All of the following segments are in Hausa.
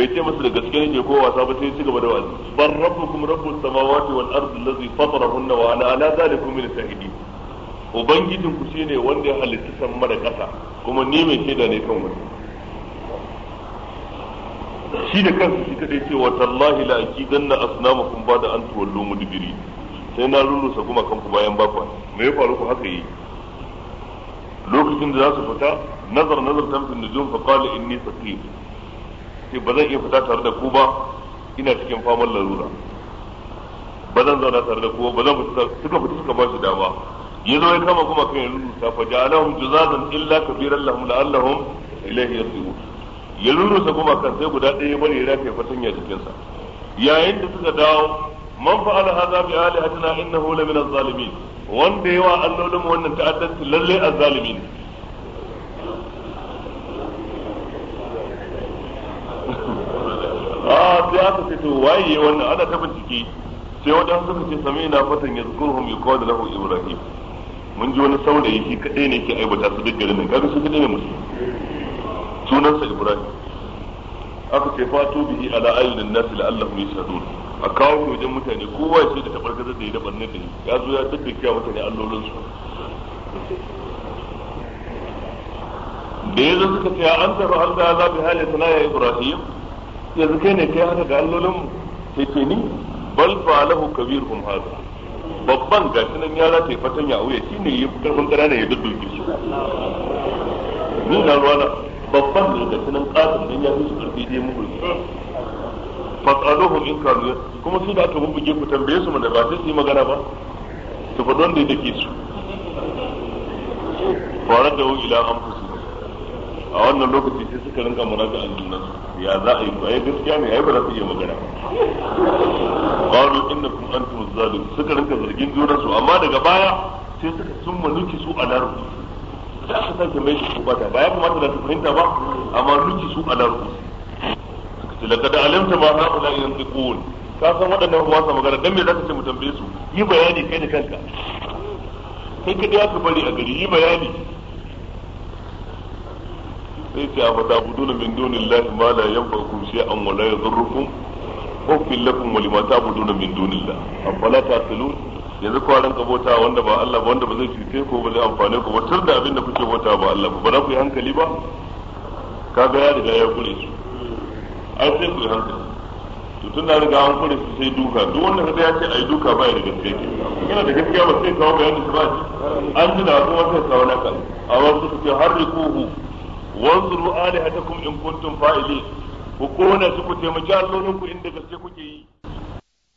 bai ce musu da gaske ne ko wasa ba sai ci gaba da wa'azi bar rabbukum rabbus samawati wal ardi allazi fatarahunna wa ana ala zalikum min shahidi ubangijin ku shine wanda ya halitta sama da ƙasa kuma ni mai shaida ne kan wani shi da kansa shi kadai ce wa tallahi la aqidanna asnamakum da an tuwallu mudbiri sai na rurrusa kuma kanku bayan bakwa me ya faru ku haka yi lokacin da za su fita nazar nazar tamfin nujum fa qala inni saqim ce ba zan iya fita tare da ku ba ina cikin famar larura ba zan zauna tare da ku ba zan fita suka fita suka ba shi dama ya zo ya kama kuma kan rubuta fa ja'alahum juzazan illa kabiran lahum la'allahum ilayhi yasirun ya rurusa kuma kan sai guda ɗaya bane ya rafe fatanya sa. yayin da suka dawo man fa'ala hadha bi alihatina innahu la min az-zalimin wanda yawa allolin wannan ta'addanci lalle az-zalimin a ah, sai aka ce to waye wannan ana ta bincike sai wadansu suka ce sami na fatan ya zukurhum yuqad lahu ibrahim mun ji wani saurayi shi kadai ne ke aibata su duk garin nan kaga su kadai ne musu sunansa ibrahim aka ce fatu bihi ala ayyunin nas la'allahum yashhadun a kawo shi wajen mutane kowa shi da tabar gazar da ya dabar ne da ya zo ya daddake mutane allolin su da yanzu suka ce an taru an da za bi hali sana ya ibrahim yanzu kai ne kai haka ga allolin mu sai ce ni bal falahu hum hada babban gashi nan ya rataye fatan ya auya shine yafi karfin ƙanana ya dudduke shi ni na ruwana babban ne gashi nan ƙaton nan ya fi su ƙarfi dai mu fasaluhum in kanu kuma su da aka bubbuge ku tambaye su da ba sai su yi magana ba su faɗi wanda ya dake su farar da ila amfus a wannan lokaci sai suka rinka muraja a junan ya za a yi ba ai gaskiya ne ai ba za su iya magana qalu innakum antum zalim suka rinka zargin junan su amma daga baya sai suka sun manuki su a laru sai aka sake mai su bata ba ya kuma da su fahimta ba amma nuki su a laru suka ce laqad alimta ma haula yantiqun ka san waɗannan ruwa sa magana dan me ka ce mu tambaye su yi bayani kai da kanka kai ka ya ka bari a gari yi bayani sai ce a fata buduna min dunillahi ma la ya shay'an wa la yadhurrukum uffil lakum wa lima ta'buduna min fala ta taqilun yanzu kwarin ran wanda ba Allah ba wanda ba zai cuce ko ba zai amfane ku ba tur da abin da kuke bota ba Allah ba ba za ku yi hankali ba ga ya riga ya kure su ai sai ku yi hankali to tun da riga an kure su sai duka duk wanda ka ya ce ai duka ba ya riga gaskiya ke yana da gaskiya ba sai kawo bayanin shi ba an ji da kuma sai kawo kan a wasu su ce har rikuhu wanzuru alihatakum in kuntum fa'ili ku kona su ku taimaki allolin ku inda gaske kuke yi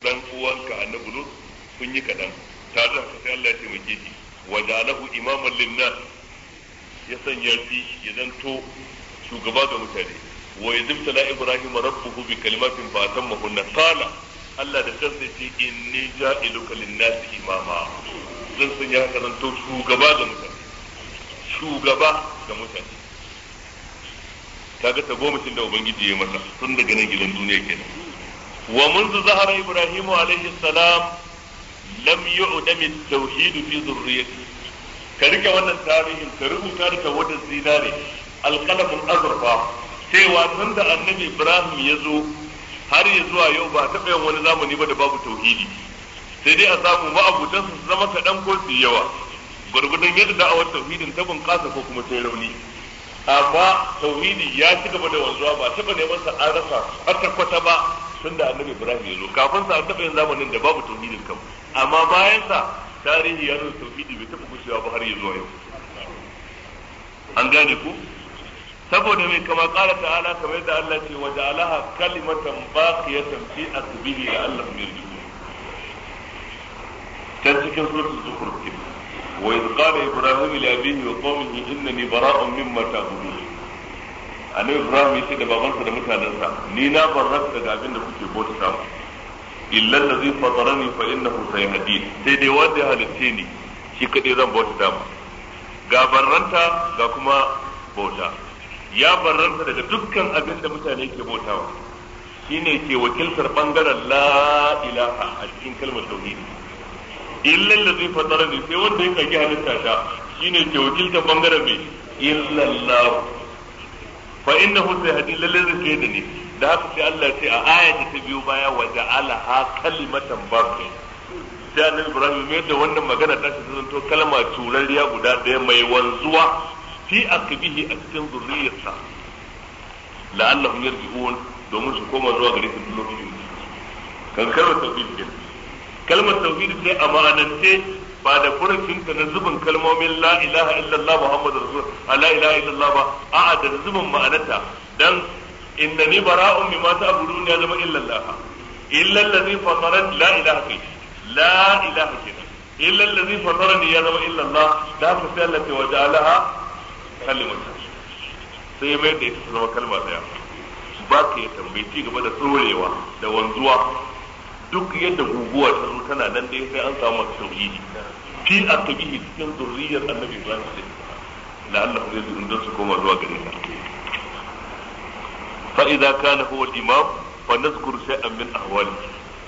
dan uwanka annabi lut sun yi kadan tare da sai Allah ya taimake shi wa ja'alahu imaman linnas ya sanya shi ya zanto shugaba ga mutane wa yadibtala ibrahim rabbuhu bi kalimatin fa tammahunna qala Allah da kansa ce inni ja'iluka linnas imama zan sanya ka zanto shugaba ga mutane shugaba ga mutane kaga ta goma da ubangiji ya masa tun daga nan gidan duniya nan wa zahara ظهر ابراهيم salam lam لم يعدم التوحيد fi dhurriyyati ka rike wannan tarihin ka rubuta da tawadar zinare alƙalamin azurfa cewa tun da annabi ibrahim ya zo har ya zuwa yau ba taɓa yin wani zamani ba da babu tauhidi sai dai a samu ma'abutansa su zama kaɗan ko su yawa gwargwadon yadda da'awar tauhidin ta bunƙasa ko kuma ta rauni amma tauhidi ya ci gaba da wanzuwa ba taba neman sa an rasa kwata kwata ba tun da annabi ibrahim ya zo kafin sa an taba yin zamanin da babu tauhidin kan amma bayan sa tarihi ya nuna tauhidi bai taba gushewa ba har ya zo yau an gane ku saboda mai kama kala ta'ala kamar yadda Allah ce wa ja'alaha kalimatan baqiyatan fi asbihi allah yarji'un can cikin suratul zukhruf wa iz qala ibrahim li abihi wa qawmihi innani bara'un mimma ta'budun annabi ibrahim yace da babansa da mutanensa ni na barrata daga abin da kuke bauta mu illa allazi fatarani fa innahu sayhadin sai dai wanda ya halitte ni shi kadai zan bauta mu ga barranta ga kuma bauta ya barranta daga dukkan abinda da mutane ke bautawa shine ke wakiltar bangaren la ilaha a cikin kalmar illa allazi fatarani sai wanda ya kage halitta ta shine ke wakilta bangare mai illa Allah fa innahu sayhadi lallazi sai da ni da haka sai Allah ya ce a ayata ta biyu baya wa ala ha kalimatan baqi sai annabi Ibrahim mai da wannan magana ta ta zanto kalma turariya guda daya mai wanzuwa fi akbihi a cikin zurriyarsa la'allahum yarji'un domin su koma zuwa gare su lokacin kankar tauhid din kalmar tauhid ce a ma'anance ba da furucin ta na zubin kalmomin la ilaha illallah muhammadu rasul la ilaha illallah ba a'a da zubin ma'anarta dan innani bara'un mimma ta'budu ya zama illallah illa allazi fataran la ilaha illa la ilaha illa illa allazi fatarani ya zama illallah da haka sai Allah ya waja'alaha kalimata sai mai da ita zama kalma daya ba ka ya tambayi cigaba gaba da tsorewa da wanzuwa duk yadda guguwa ta zo tana nan dai sai an samu masu tauhidi fi atabihi cikin zurriyar annabi Ibrahim la Allah zai zurin don su koma zuwa gare ka fa idza kana huwa al-imam fa nazkuru shay'an min ahwali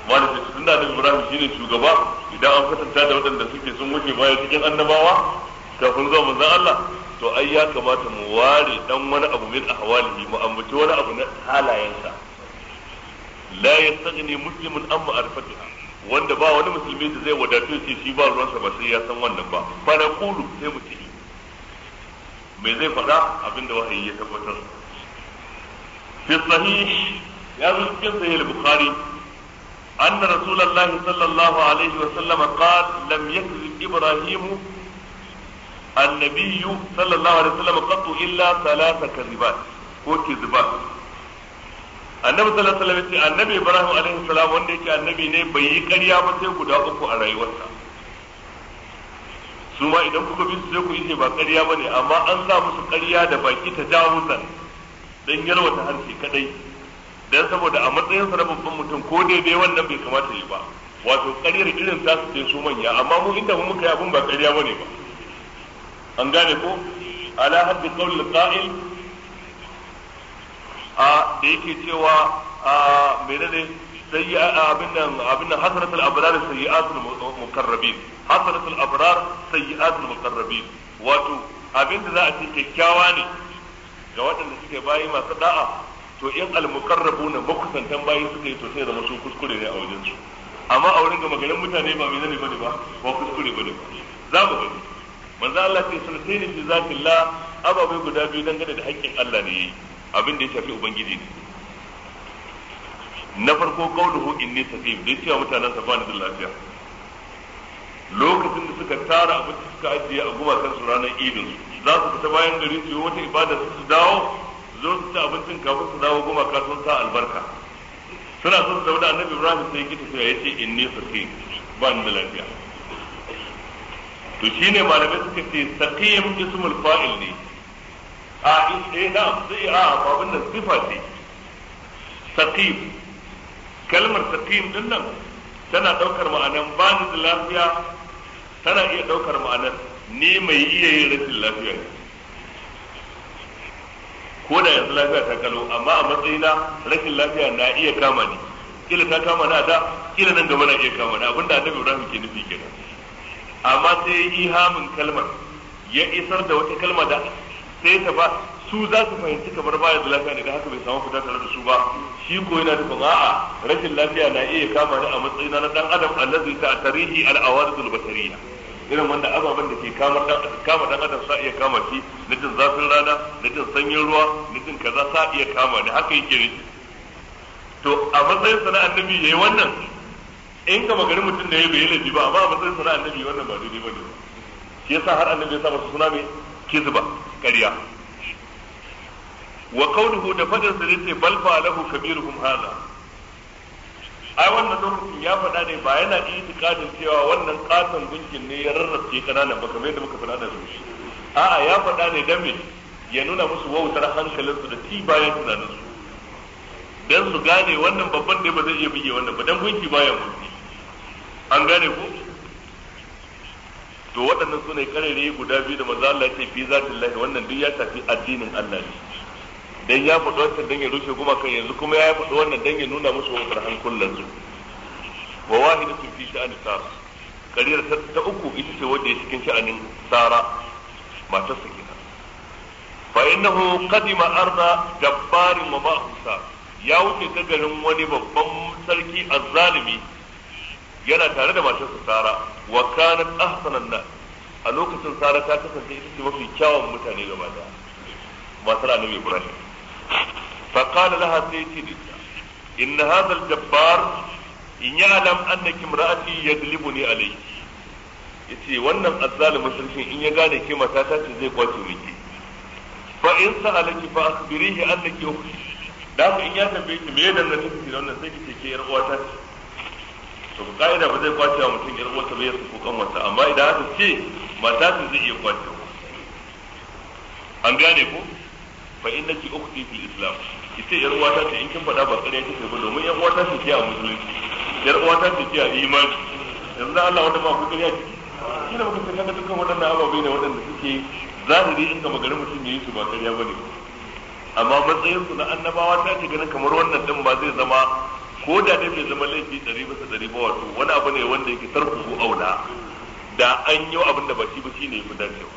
wanda sai tunda annabi Ibrahim shine shugaba idan an kwatanta da waɗanda suke sun wuce baya cikin annabawa kafin zuwa manzon Allah to ai ya kamata mu ware dan wani abu min ahwalihi mu ambaci wani abu na halayensa la yastaghni muslimun an ma'rifatiha wanda ba wani musulmi da zai wadatu shi shi ba ruwansa ba sai ya san wannan ba fa na sai mu ci me zai faɗa abinda wahayi ya tabbatar fi sahih ya zo cikin sahih al-bukhari أن رسول الله صلى الله عليه وسلم قال لم يكذب إبراهيم النبي صلى الله عليه وسلم قط إلا ثلاث كذبات وكذبات annabi sallallahu alaihi wasallam ce annabi ibrahim alaihi salam wanda yake annabi ne bai yi ƙarya ba sai guda uku a rayuwarsa su ma idan kuka bi su sai ku yi ba ƙarya ba ne amma an sa musu ƙarya da baki ta jawusan don ta harshe kadai dan saboda a matsayin sa na babban mutum ko daidai wannan bai kamata yi ba wato ƙaryar irin ta su ce su manya amma mu inda mun muka yi abun ba ƙarya ba ne ba an gane ko ala haddi qawl qa'il a da yake cewa a menene sai abin nan abin nan hasratul abrar sayyi'atul muqarrabin hasratul abrar sayyi'atul muqarrabin wato abin da za a ce kyakkyawa ne ga waɗanda suke bayi masu da'a to in almuqarrabuna makusantan bayi suke to sai zama su kuskure ne a wajen su amma a wurin ga magalan mutane ba mai zane bane ba ba kuskure bane ba za mu gani manzo Allah ce sultaini fi zatillah ababai guda biyu dangane da haƙƙin Allah ne yayi abin da ya shafi ubangiji ne na farko kauluhu inni saqim dai cewa mutanen sa bani da lafiya lokacin da suka tara abinci suka ajiye a gumakan su ranar idin za su fita bayan gari su yi wata ibada su dawo zo su ci abincin kafin su dawo gumaka sun sa albarka suna son su da annabi ibrahim sai kita sai ya ce inni Ba bani da lafiya to shine malamai suka ce saqim ismul fa'il ne a in eh na sai a babin da sifa ce saqim kalmar saqim din nan tana daukar ma'anar ba ni da lafiya tana iya daukar ma'anar ni mai iya yin rashin lafiya ko da yanzu lafiya ta kalo amma a matsayina rashin lafiya na iya kama ni kila ta kama na da kila nan gaba na iya kama na abinda annabi Ibrahim ke nufi kenan amma sai ya yi ihamin kalmar ya isar da wata kalma da Sai ta ba su za su fahimci kamar baya da lafiya ne da haka bai samu fita tare da su ba shi ko yana nufin a'a rashin lafiya na iya kama ni a matsayina na dan adam allazi ta tarihi al awaridul basariya irin wanda ababen da ke kama dan kama dan adam sa iya kama shi na jin zafin rana na jin sanyin ruwa na jin kaza sa iya kama da haka yake ne to a matsayin sana annabi yayi wannan in ka magari mutum da ya bayyana ba amma a matsayin sana annabi wannan ba daidai bane shi yasa har annabi ya sa masa suna mai kizba ƙarya wa kaunuhu da fadin da yace bal fa lahu kabiruhum hadha ai wannan lokacin ya faɗa ne ba yana itikadin cewa wannan katon gunkin ne ya rarrace kananan ba kamar yadda muka faɗa da su a'a ya faɗa ne dan ya nuna musu wautar hankalinsu da ti bayan su dan su gane wannan babban ne ba zai iya bige wannan ba dan gunki bayan gunki an gane ko to waɗannan su ne karere guda biyu da manzo Allah ya ce fi zatillahi wannan duk ya tafi addinin Allah ne dan ya faɗi wannan dan ya rushe kan yanzu kuma ya faɗi wannan dan ya nuna musu wautar hankulan su wa wahidatu fi sha'ani sara karira ta uku ita ce wadda ya cikin sha'anin sara matar sa kina. fa innahu qadima arda dabbarin wa ma'usa ya wuce ta garin wani babban sarki azzalimi yana tare da matarsa Sara wa kanat ahsanan nas a lokacin Sara ta kasance ita ce mafi kyawun mutane gaba daya matar Annabi Ibrahim fa qala laha sayyidi dinta inna hadha al-jabbar in ya'lam annaki imra'ati yadlibuni alayki yace wannan azzalimin sarkin in ya gane ke matata ce zai kwace miki fa in sa'alaki fa akhbirihi annaki ukhti da in ya tambaye ki me dan nan kike da wannan sai kike ke yar uwata ce to ga ka'ida ba zai kwace wa mutum yar uwarsa bai yasa kan wata amma idan aka ce mata su zai iya kwace an gane ko fa uku ukhti fi islam ce yar uwata ce in kin faɗa ba ƙarya ce ba domin yar uwata ce a musulunci yar uwata ce a imani yanzu Allah wanda ba ku ƙarya ciki Ki ba ku san dukkan waɗannan ababai ne waɗanda suke zahiri in kama magarin mutum yi su ba ƙarya ne amma matsayinsu na annabawa ta ce ganin kamar wannan din ba zai zama ko da dai bai zama laifi ɗari bisa ɗari ba wato wani abu ne wanda yake ko auna da an yi abin da ba shi ba shine yafi dacewa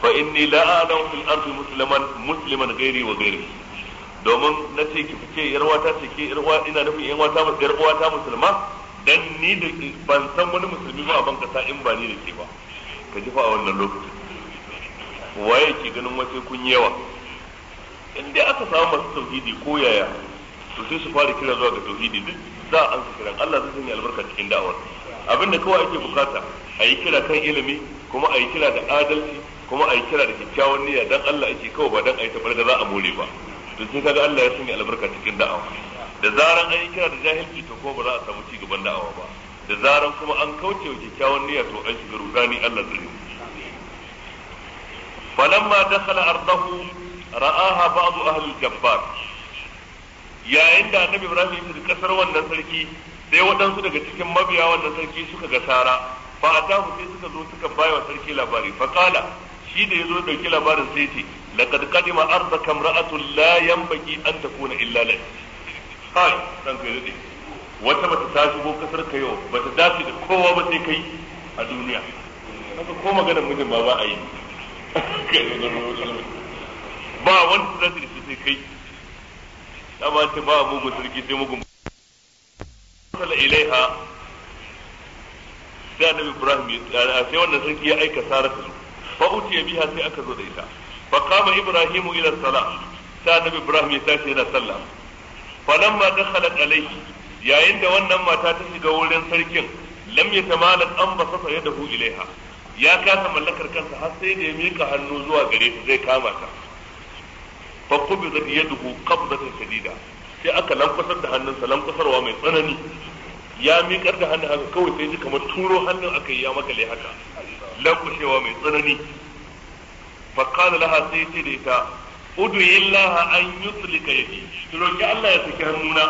fa inni la a'lamu fil ardi musliman musliman ghairi wa ghairi domin na ce ki fice yar wata ce ke yar wata ina nufin yar wata yar wata musulma dan ni da ban san wani musulmi ba a ban kasa in ba ni da ke ba ka ji fa a wannan lokacin waye ki ganin wace kun yawa in dai aka samu masu tauhidi ko yaya to sai su fara kira zuwa ga tauhidi duk za a ansa kiran Allah zai sanya albarka cikin da'awar abinda kawai ake bukata a yi kira kan ilimi kuma a yi kira da adalci kuma a yi kira da kyakkyawan niyya dan Allah ake kawai ba dan a yi tabar da za a more ba to sai kaga Allah ya sanya albarka cikin da'awa da zaran an yi kira da jahilci to ko ba za a samu ci gaban da'awa ba da zaran kuma an kauce wa kyakkyawan niyya to an shiga rudani Allah zai falamma dakhala ardahu ra'aha ba'du ahlul jabbar yayin da annabi ibrahim ya shiga kasar wannan sarki sai waɗansu daga cikin mabiya wannan sarki suka ga sara fa atahu sai suka zo suka bayar sarki labari fa shi da ya zo dauki labarin sai ce laqad qadima ardaka imra'atun la yanbaghi an takuna illa lak kai dan kai dade wata bata ta shigo kasar ka yau bata dace da kowa ba sai kai a duniya haka ko maganar mijin ba ba a yi ba wanda za su da shi sai kai dama ce ba a mugun sarki sai mugun sala ilaiha sai annabi ibrahim ya sai wannan sarki ya aika saratu fa utiya biha sai aka zo da ita fa qama ibrahimu ila salat sai annabi ibrahim ya tashi yana sallah falamma dakhalat alayhi yayin da wannan mata ta shiga wurin sarkin lam yatamalat an basata yadahu ilaiha ya kasa mallakar kansa har sai da ya mika hannu zuwa gare ta zai kama ta fa qubidat yaduhu qabdatan shadida sai aka lankwasar da hannunsa lankwasarwa mai tsanani ya miƙar da hannun haka kawai sai ji kamar turo hannun aka yi ya makale haka lankwashewa mai tsanani fa qala laha sai ce da ita uduyi Allah an yuslika yadi ki roki Allah ya saki hannuna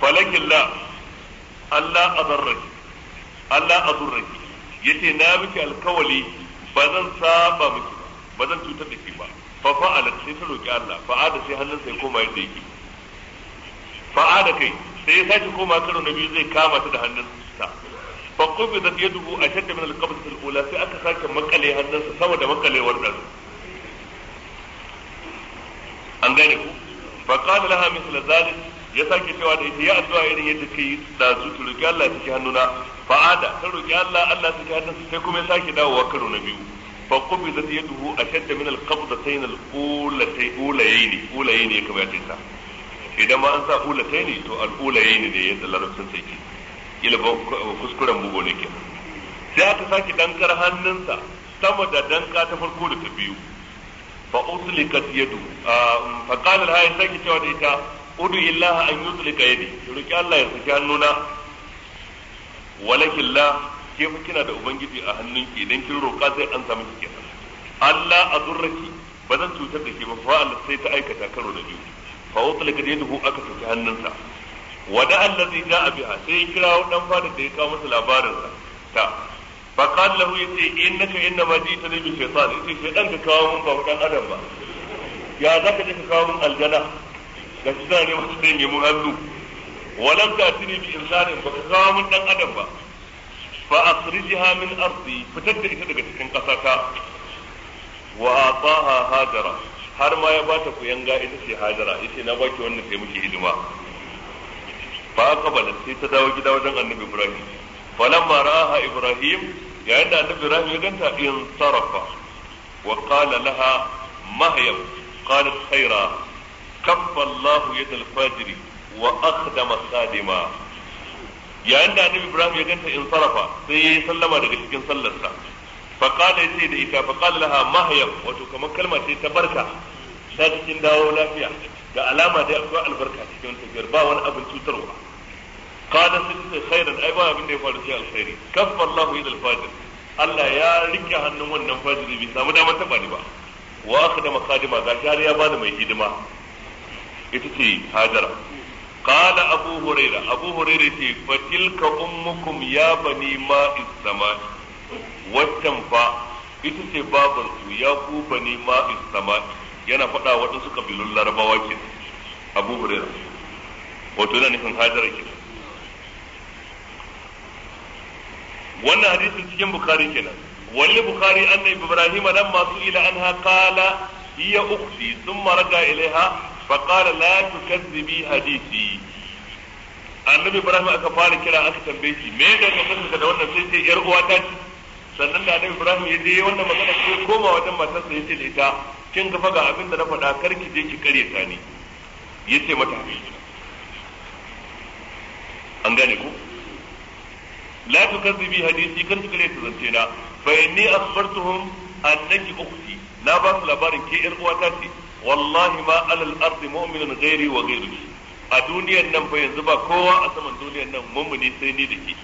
falakin Allah azarraki Allah azurraki yace na miki alkawali ba zan saba miki ba zan cutar da ke ba fa fa'alat sai ta roki Allah fa'ada sai hannun sai koma yadda yake fa'ada kai sai ya sake koma karo na biyu zai kama ta da hannun sa fa qubidat da ashadda a shadda min al alula sai aka sake makale hannun sa saboda makalewar da an gane ku fa qala laha mithla zalik ya sake cewa da ita ya addu'a irin yadda kai da zutu roki Allah cikin hannuna fa'ada ta roƙi Allah Allah ta su sai kuma ya sake dawowa karo na biyu fa qubidat yaduhu ashadda min al-qabdatayn al-ulatayn ulayayn ulayayn ya kamata ta idan ma an sa ulatayn to al-ulayayn ne yadda larabcin sai ke kila ba kuskuren bugo ne ke sai aka sake dankar hannunsa sama da danka ta farko da ta biyu fa uslikat yadu fa qala al-hayy sake cewa da ita udu illaha an yutlika yadi roki Allah ya saki hannuna walakin la ke fa kina da ubangiji a hannunki idan kin roƙa sai an samu ki kenan Allah azurraki ba zan cutar da ke ba fa Allah sai ta aikata karo da biyu fa da yadahu aka saki hannunsa wada allazi ja'a biha sai kirawo dan fadar da ya kawo masa labarin sa ta fa qala lahu yace innaka innama jita ne bi shaytan yace shaytan ka kawo mun ba dan adam ba ya zaka je ka kawo mun aljana ga shi da ne mutum ne mun hannu walam ta'tini bi insanin baka kawo mun dan adam ba fa akhrijha min ardi fitar da ita daga cikin kasata wa hajara har ma ya bata kuyanga ita ce hajara yace na baki wannan sai muke hidima fa kabala sai ta dawo gida wajen annabi ibrahim falamma ra'aha ibrahim yayin da annabi ibrahim ya ganta in sarafa wa qala laha mahyam qalat khaira kaffa allah yad al fajri wa akhdama sadima yayin da annabi ibrahim ya ganta in sarafa sai yi sallama daga cikin sallarsa fa qala yace da ita fa qala laha wato kamar kalma ce ta barka ta cikin dawo lafiya ga alama dai akwai albarka cikin tafiyar ba wani abin cutarwa qala sai khairan ai ba abin da ya faru sai alkhairi kaffa ila alfajir Allah ya rike hannun wannan fajiri bai samu damar taba ba wa akhdama qadima ga shariya ba da mai hidima ita ce hajara qala abu huraira ce fa tilka ummukum ya bani ma'is samai waccan fa ita ce babar yana faɗa waɗansu kabilun larabawa ke abu huraira wato yana nufin hajara ke wannan hadisin cikin bukari kenan wani bukhari annabi ibrahim lamma su ila anha qala hiya ukhti thumma raja ilaiha فقال لا تكذبي hadisi annabi ibrahim aka fara kira aka tambaye shi me da ka saka da wannan sai sai yar uwa ta ci sannan da annabi ibrahim ya je wannan magana sai koma wajen matarsa ya ce da ita kin ga faga abin da na faɗa kar ki je ki kare ta ne yace mata an gane ku la tukazzibi hadisi kar ki kare ta zance na fa inni akhbartuhum annaki ukhti na ba su labarin ke yar uwa ta ce wallahi ma alal ardi mu'minun ghairi wa a duniyar nan fa yanzu ba kowa a saman duniyar nan mummuni sai ni da ke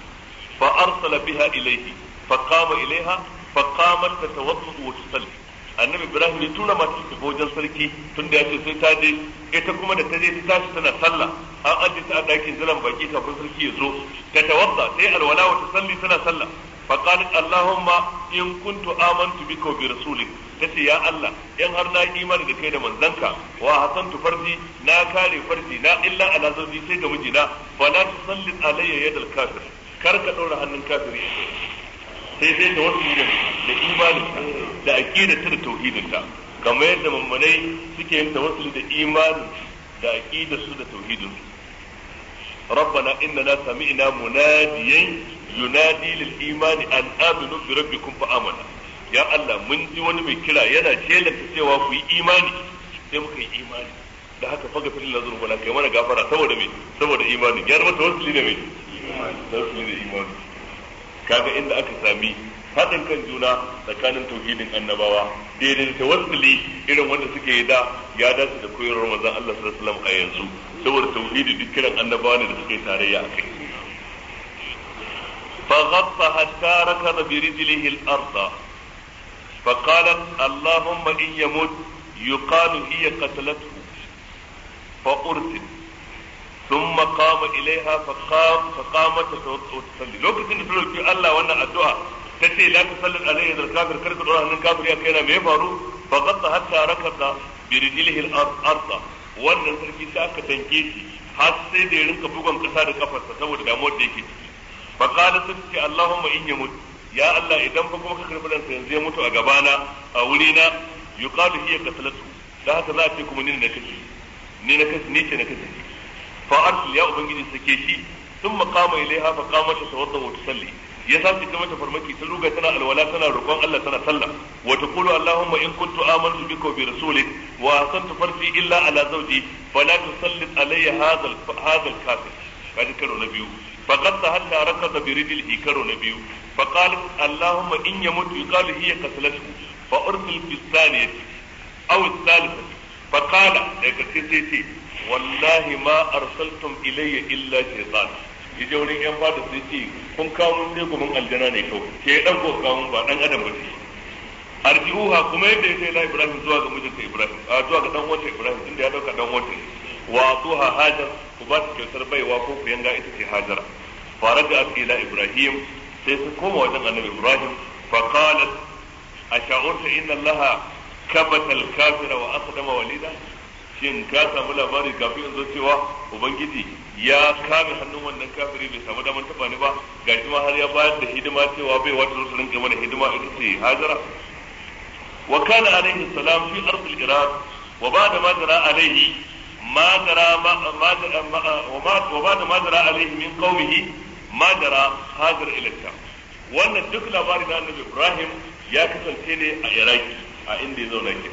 fa arsala biha ilayhi fa qama ilayha fa qamat tatawaddu wa tusalli annabi ibrahim ya tura mata ta gojen sarki tunda ya ce sai ta je ita kuma da ta je ta tashi tana sallah an aje ta a dakin jiran baki kafin sarki ya zo ta tawadda sai alwala wa tusalli tana sallah faqalat allahumma in kuntu amantu bika wa bi rasulik tace ya Allah 'yan har na imani da kai da manzanka wa hasantu farji na kare farji na illa ala zawji sai ga mijina na la tusallit alayya yadal kafir kar ka daura hannun kafiri sai sai da wasu da imaninta da aqidarta da ta kamar yadda mummunai suke yin tawassuli da imanin da aqidarsu da tauhidinsu ربنا إننا سمعنا مناديا ينادي للإيمان أن آمنوا بربكم فآمنا يا الله من دي wani mai kira yana shelanta cewa ku yi imani sai muka imani da haka faga filin na zurfa na kai mana gafara saboda me saboda imani ya zama tawassuli da imani inda aka sami haɗin kan juna tsakanin tauhidin annabawa daidai ta wasili irin wanda suke yi da ya dace da koyarwar manzon Allah sallallahu alaihi wasallam a yanzu saboda Tauhidin duk annabawa ne da suke tarayya a kai fa ghatta hatta rakaba bi arza al-ardh fa qalat allahumma in yamut yuqalu hiya qatlatuhu fa urtid ثم قام إليها فقام فقامت وتصلي لو كنت تقول في الله وانا ادعى tace la tusallit alayhi al kafir karka dora hannun kafiri akai na me faru fa qatta hatta rakata bi rijlihi al arda wannan sarki sai aka tanke shi har sai da ya rinka bugon kasa da kafarsa saboda damuwar da yake ciki fa qala sai allahumma in yamut ya allah idan fa kuma ka karbi ransa yanzu ya mutu a gabana a wurina yuqalu hiya qatlatu da haka za a ce kuma ni ne na kashe ni na kashe ni ce na kashe fa arsil ya ubangiji sake shi thumma qama ilaiha fa qama ta tawadda wa tusalli ya sace ta mata farmaki ta ruga tana alwala tana roƙon Allah tana sallah wa taqulu allahumma in kuntu amantu bika bi rasulik wa asantu farfi illa ala zawji fala tusallit alayya hadha hadha al-kafir kaji karo na biyu faqad tahalla rakata bi rijlihi karo na biyu faqalat allahumma in yamutu yuqalu hiya qatlatu fa ursil fi thaniyati aw thalithati faqala daga sai ce wallahi ma arsaltum ilayya illa shaytan ya je wurin yan fada sai ce kun kawo mun ne gumin aljana ne kawai ke dan ko kawo mun ba dan adam ba ce arji'uha kuma yadda ya la ibrahim zuwa ga mijinta ibrahim a zuwa ga dan wata ibrahim inda ya dauka dan wata wa tuha hajar ku ba ta kyautar baiwa ko ku yanga ita ce hajara faraga ila ibrahim sai su koma wajen annabi ibrahim fa qalat asha'urta inna allaha kabata al-kafira wa aqdama walida shin ka samu labari kafin in zo cewa ubangiji ya kame hannun wannan kafiri bai samu damar taba ni ba ga ma har ya bayar da hidima cewa bai wata su rinka mana hidima ita ce hajara wa kana alaihi salam fi ardil iraq wa ba'da ma jara alaihi ma jara ma wa ba'da ma jara alaihi min qawmihi ma jara hajar ila wannan duk labarin na annabi ibrahim ya kasance ne a iraki a inda ya zauna ke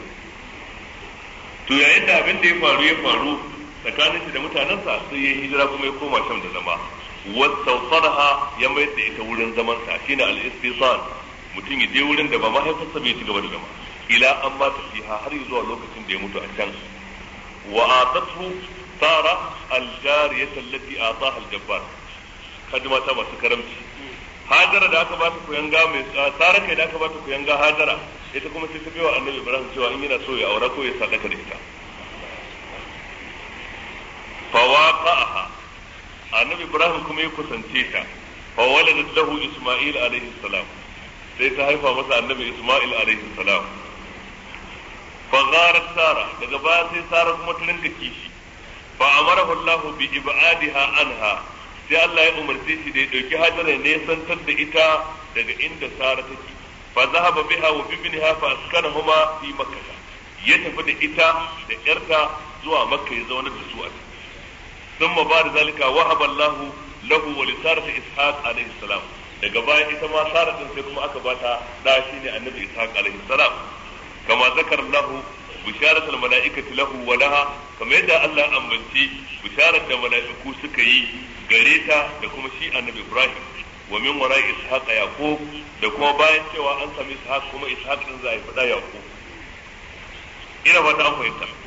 to yayin da abin da ya faru ya faru tsakanin shi da mutanensa sai ya hijira kuma ya koma sham da zama wasautarha ya mai da ita wurin zaman sa shine al-istisan mutum ya je wurin da ba mahaifarsa bai ci gaba da zama ila an ba ta fiha har zuwa lokacin da ya mutu a can wa atatu tara al-jariyata allati ataha al-jabbar kadima ta masu karamci hajara da aka ta kuyanga mai tsara kai da aka ba ta kuyanga hajara ita kuma sai ta bai wa annabi ibrahim cewa in yana so ya aura ko ya sadaka da ita fawaqaha annabi ibrahim kuma ya kusance ta fa waladat lahu isma'il alaihi salam sai ta haifa masa annabi isma'il alaihi salam fa sara daga baya sai sara kuma ta rinka kishi fa amarahu allah bi ibadiha anha sai Allah ya umarce shi da ya dauki hajara ne santar da ita daga inda sara take fa zahaba biha wa bibniha fa askanahuma fi makkah ya tafi da ita da yarta zuwa makka ya zauna da su a thumma ba'da zalika wahaba Allah lahu wa li Sarah Ishaq alaihi salam daga baya ita ma Sarah sai kuma aka bata da shi ne annabi Ishaq alaihi salam kama zakar Allah bisharat al mala'ikati lahu wa laha kamar yadda Allah an ambaci bisharat da mala'iku suka yi gare ta da kuma shi annabi Ibrahim wa min wara ishaq yaqub da kuma bayan cewa an sami ishaq kuma ishaq din za a yi fada yaqub ina wata an fahimta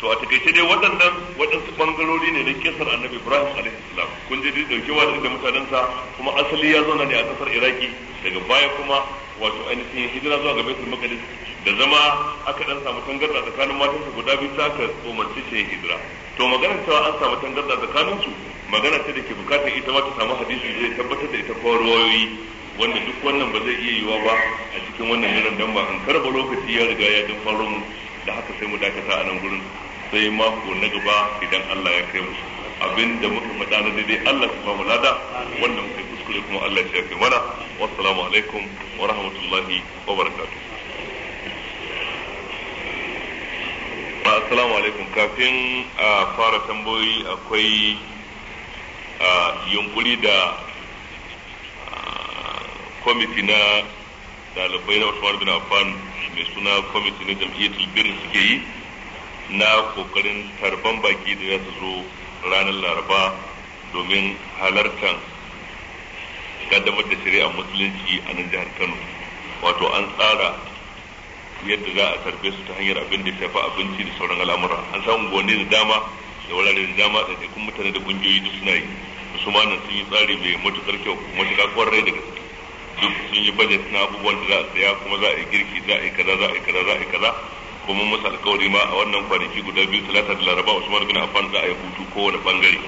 to a takaice dai waɗannan waɗansu bangarori ne na kesar annabi ibrahim alaihissalam salam kun ji daukewa da da mutanensa kuma asali ya zauna ne a kasar iraki daga baya kuma wato ainihin hijira zuwa ga baitul maqdis da zama aka dan samu tangarda tsakanin matansa guda biyu ta ka tsomanci shi hijira to maganar cewa an samu tangarda tsakanin su magana ta da ke bukatar ita ma ta samu hadisi zai tabbatar da ita kawarwayoyi wanda duk wannan ba zai iya yiwa ba a cikin wannan yaran dan ba an karba lokaci ya riga ya dan faro mu da haka sai mu dakata a nan gurin sai mako na gaba idan Allah ya kai mu abin da muka faɗa na daidai Allah ya bamu lada wanda muka yi kuskure kuma Allah ya kai mana wassalamu alaikum wa rahmatullahi wa barakatuh assalamu alaikum kafin a fara tambayoyi akwai yunkuri da kwamiti na dalibai na wasu bin Affan mai suna kwamiti na jam'iyyar Tilbir suke yi na kokarin tarban baki da ya zo ranar laraba domin halartar kaddamar da shari'a musulunci a nan jihar kano wato an tsara yadda za a tarbe su ta hanyar abin da shafa abinci da sauran al'amura an samu gwani da dama da wurare da dama da kuma mutane da kungiyoyi duk suna yi musulmanin sun yi tsari mai matukar kyau matuƙa kwarai da gaske duk sun yi bajet na abubuwan da za a saya kuma za a yi girki za a yi kaza za a yi kaza za a yi kaza kuma musu alkawari ma a wannan kwanaki guda biyu talata da laraba wasu bin affan za a yi hutu kowane bangare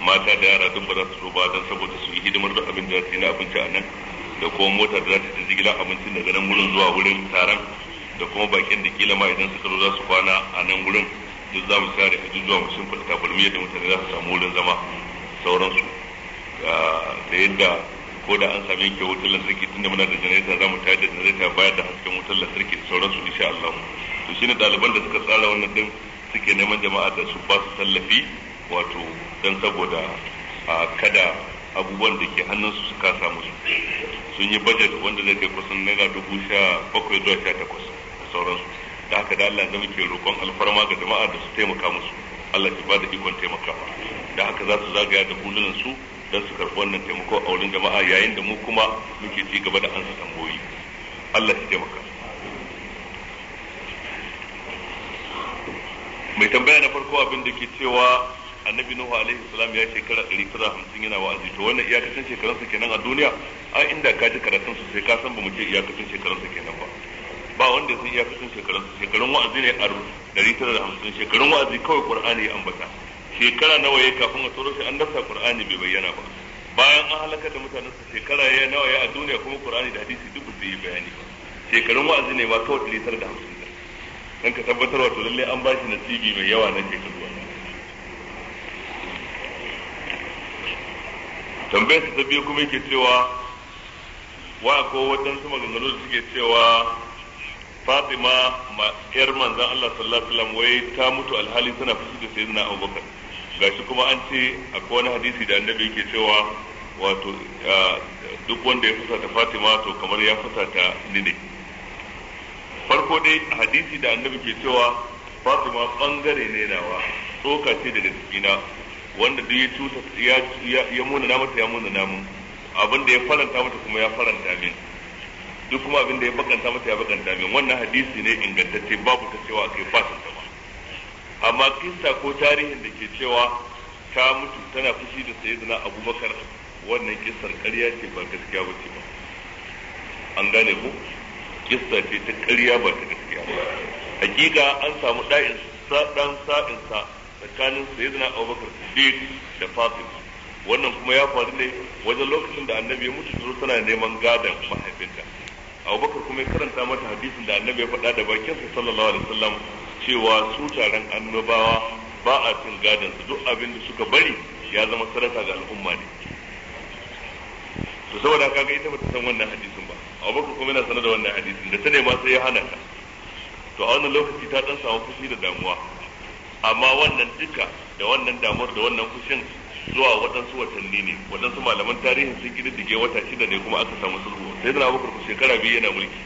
mata da yara duk ba za su so ba don saboda su yi hidimar da abin da na abinci a nan da kuma motar da za ta jigila abincin daga nan wurin zuwa wurin taron da kuma bakin da kila ma idan suka zo za su kwana a nan wurin duk za mu share a zuwa mu shimfiɗa tabarmi yadda mutane za su samu wurin zama sauransu ah, da yadda ko da an sami yanke wutar lantarki tunda muna da janareta za mu tayar da janareta bayar da hasken wutar lantarki da sauransu insha Allah. to shine ɗaliban da suka tsara wannan din suke neman jama'a da su ba su tallafi wato don saboda kada abubuwan da ke hannunsu su kasa musu sun yi budget wanda zai kai kusan naira dubu sha bakwai zuwa sha takwas da sauransu da haka da Allah zama ke roƙon alfarma ga jama'a da su taimaka musu Allah ki ba da ikon taimakawa da haka za su zagaya da hulunan su don su karɓi wannan taimako a wurin jama'a yayin da mu kuma muke ci gaba da ansa tambayoyi Allah ki taimaka mai tambaya na farko abin da ke cewa annabi nuhu alaihi salam ya shekara hamsin yana wa'azi to wannan iyakacin shekarunsa kenan a duniya a inda ka ji karatun su sai ka san ba mu ce iyakacin shekarunsa kenan ba ba wanda ya san iyakacin shekarunsa shekarun wa'azi ne a hamsin shekarun wa'azi kawai qur'ani ya ambata shekara nawa ya kafin a tsoro shi an dasa qur'ani bai bayyana ba bayan an halaka da mutanen su shekara ya nawa ya a duniya kuma qur'ani da hadisi duk bai bayani ba shekarun wa'azi ne ma kawai hamsin. don ka tabbatar wato lalle an ba shi nasibi mai yawa na ke ruwa tambayar ta biyu kuma yake cewa wa ko waɗansu maganganu da suke cewa Fatima yar manzan Allah sallallahu alaihi wasallam wai ta mutu alhali tana fushi da sayyidina Abubakar gashi kuma an ce a wani hadisi da annabi yake cewa wato ah, duk wanda ya fusata Fatima to kamar ya fusata ni ne farko dai hadisi da annabi ke cewa fatima bangare ne nawa tsoka ce daga cikina wanda duk ya tuta ya muna na mata ya muna na mun abin da ya faranta mata kuma ya faranta min duk kuma abin da ya bakanta mata ya bakanta min wannan hadisi ne ingantacce babu ta cewa akai fatin ta ba amma kisa ko tarihin da ke cewa ta mutu tana fushi da sayyidina abubakar wannan kissar ƙarya ce ba gaskiya ba ce ba an gane ku kissa ce ta karya ba ta gaskiya hakika an samu da'in dan sa'in sa tsakanin sayyidina Abubakar Siddiq da Fatima wannan kuma ya faru ne wajen lokacin da annabi ya mutu zo tana neman gadon mahaifinta Abubakar kuma ya karanta mata hadisin da annabi ya faɗa da bakinsa sallallahu alaihi wasallam cewa su taron annabawa ba a cin gadon su duk abin da suka bari ya zama sarata ga al'umma ne to saboda kaga ita bata san wannan hadisin ba abubakar kuma yana sanar da wannan hadisi da ta nema sai ya hana ka to a wannan lokaci ta dan samu fushi da damuwa amma wannan duka da wannan damuwar da wannan fushin zuwa waɗansu watanni ne waɗansu malaman tarihin sun kididdige wata shida ne kuma aka samu sulhu sai da abubakar ku shekara biyu yana mulki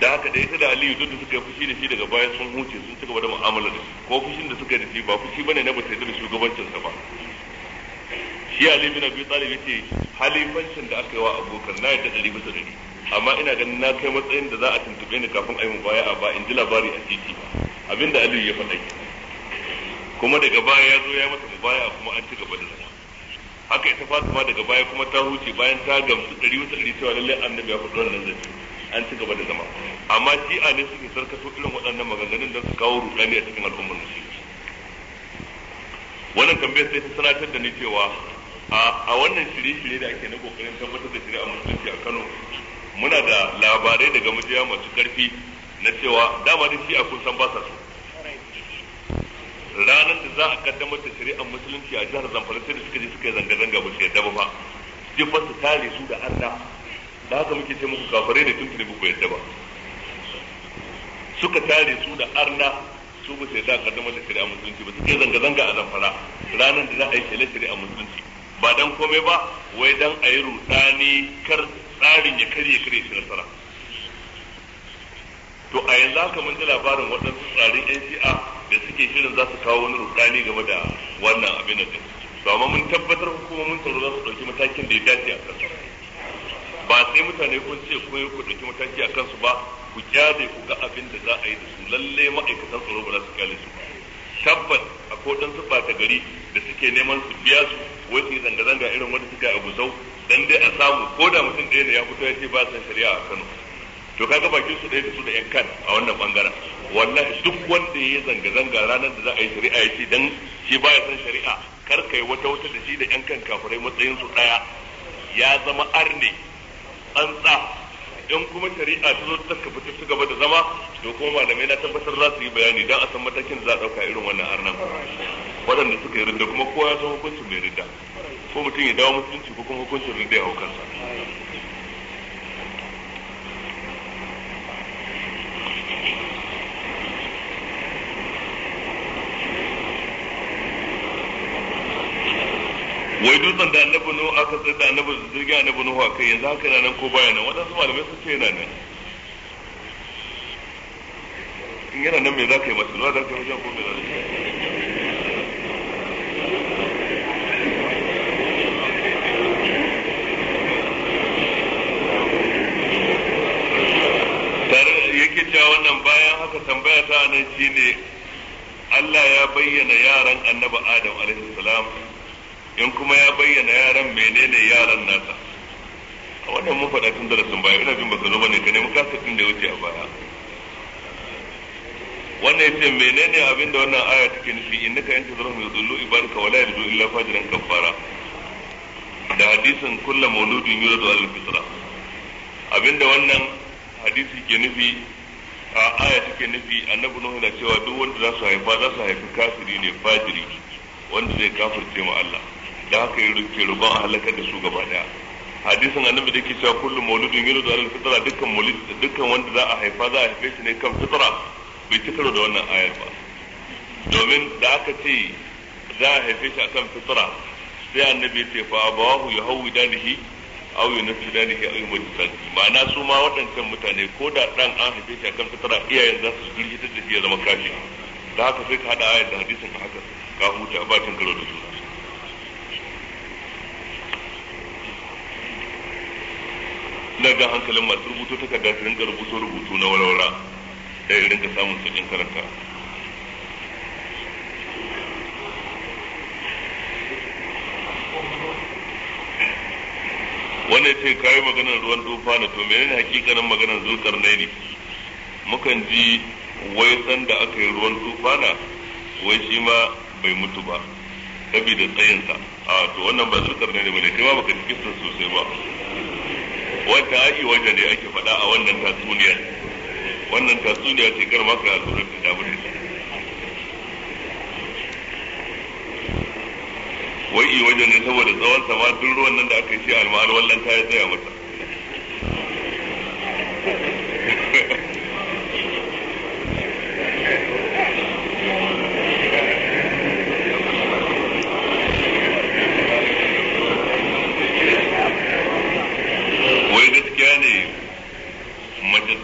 da haka da ita da aliyu duk da suka yi fushi da shi daga baya sun huce sun ci gaba da mu'amala da shi ko fushin da suka yi da shi ba fushi bane na ba sai da shugabancinsa ba shi Ali bin Abi Talib yace halifancin da aka yi wa abokan na yadda dari bisa dari amma ina ganin na kai matsayin da za a tuntube ni kafin a yi a ba in ji labari a titi abinda Ali ya faɗa kuma daga baya ya zo ya masa mubaya kuma an ci gaba da zama haka ita Fatima daga baya kuma ta huce bayan ta gamsu dari bisa dari cewa lallai annabi ya faɗi wannan zance an ci gaba da zama amma shi'a ne suke sarkato irin waɗannan maganganun don su kawo rudani a cikin al'ummar musulunci. wannan tambayar sai ta sanatar da ni cewa a wannan shirye-shirye da ake na kokarin tabbatar da a musulunci a Kano muna da labarai daga majiya masu karfi na cewa dama da shi a kusan ba sa so ranar da za a kaddamar da shari'ar musulunci a jihar Zamfara sai da suka je suka yi zanga-zanga ba su yadda ba fa ba su tare su da arna da haka muke ce muku kafare da tuntuni ba ku yadda ba suka tare su da arna su ba su yadda a kaddamar da shari'ar musulunci ba su suke zanga-zanga a Zamfara ranar da za a yi shirye-shirye a musulunci ba dan komai ba wai dan a yi rudani kar tsarin ya karye kare shi nasara to a yanzu haka mun ji labarin waɗansu tsarin yan da suke shirin za su kawo wani rudani game da wannan abin da to amma mun tabbatar hukumomin tsaro za su ɗauki matakin da ya dace a kansu ba sai mutane kun ce ko ku ɗauki mataki a kansu ba ku kyale ku ga abin da za a yi da su lalle ma'aikatan tsaro ba za su kyale su ba tabbas ko ɗan su ɓata gari da suke neman su biya su wai su zanga-zanga irin wanda suke a gusau dan dai a samu ko da mutum ɗaya ne ya fito ya ce ba san shari'a a Kano to kaga bakin su ɗaya da su da yan kan a wannan bangaren wallahi duk wanda ya yi zanga-zanga ranar da za a yi shari'a ya ce dan shi ba ya san shari'a kar yi wata wata da shi da yan kan kafirai matsayin su ɗaya ya zama arne tsantsa in kuma shari'a ta zo ta kafa su gaba da zama to kuma malamai na tabbatar za su yi bayani dan a san matakin da za a dauka irin wannan arnan waɗanda suka yi ridda kuma kowa ya san hukuncin mai ridda ko mutum ya dawo musulunci ko kuma hukuncin ridda ya hau kansa wai dutsen da annabi nu aka tsaye da annabi zirga annabi nu kai yanzu haka yana nan ko baya nan wadansu malamai sun ce yana nan in yana nan me za ka yi masu lura za ka yi wajen ko me za ka yi yake cewa wannan bayan haka tambaya ta nan shine Allah ya bayyana yaran annabi Adam alaihi salam in kuma ya bayyana yaran menene yaran nasa a wannan mun faɗa tun darasin baya ina jin baka zo bane ka nemi kasafin da wuce a baya wannan yace menene abin da wannan aya take nufi innaka anta zarhum yudullu ibadaka wala yalidu illa fajiran kafara da hadisin kullu mauludin yuradu al fitra abinda wannan hadisi ke nufi a aya take nufi annabi nuhu na cewa duk wanda za su haifa za su haifi kafiri ne fajiri wanda zai kafirce mu Allah da haka yi rufe ruban a halakar da su gaba daya hadisin annabi da ke cewa kullum mauludin yulu da fitara dukkan maulid dukkan wanda za a haifa za a haife shi ne kan fitara bai ci da wannan ayar ba domin da aka ce za a haife shi kan fitara sai annabi ya ce fa abawahu yahawidanihi aw yunassidanihi aw yumajjisanihi ma'ana su ma waɗancan mutane ko da ɗan an haife shi kan fitara iyayen za su girgitar ta shi ya zama kashi da haka sai ka haɗa ayar da hadisin a haka ka huta ba cin karo da juna ina ga hankalin masu rubutu kada su rinka rubutu rubutu na walwala da ya rinka samun sakin karanta wanda ya ce kayi maganar ruwan tufa na to menene hakikanin maganar zulkar ne mukan ji wai san da aka yi ruwan tufa na wai shi ma bai mutu ba sabida tsayinsa a to wannan ba zulkar ne ne kai ma baka cikin sosai ba wata yi waje ne ake faɗa a wannan tatsuniyar wannan tatsuniyar ce kar maka a tsoron damar damu da wai yi waje ne saboda tsawon sama duk ruwan nan da aka yi shi alma'al wallan ta ya tsaya mata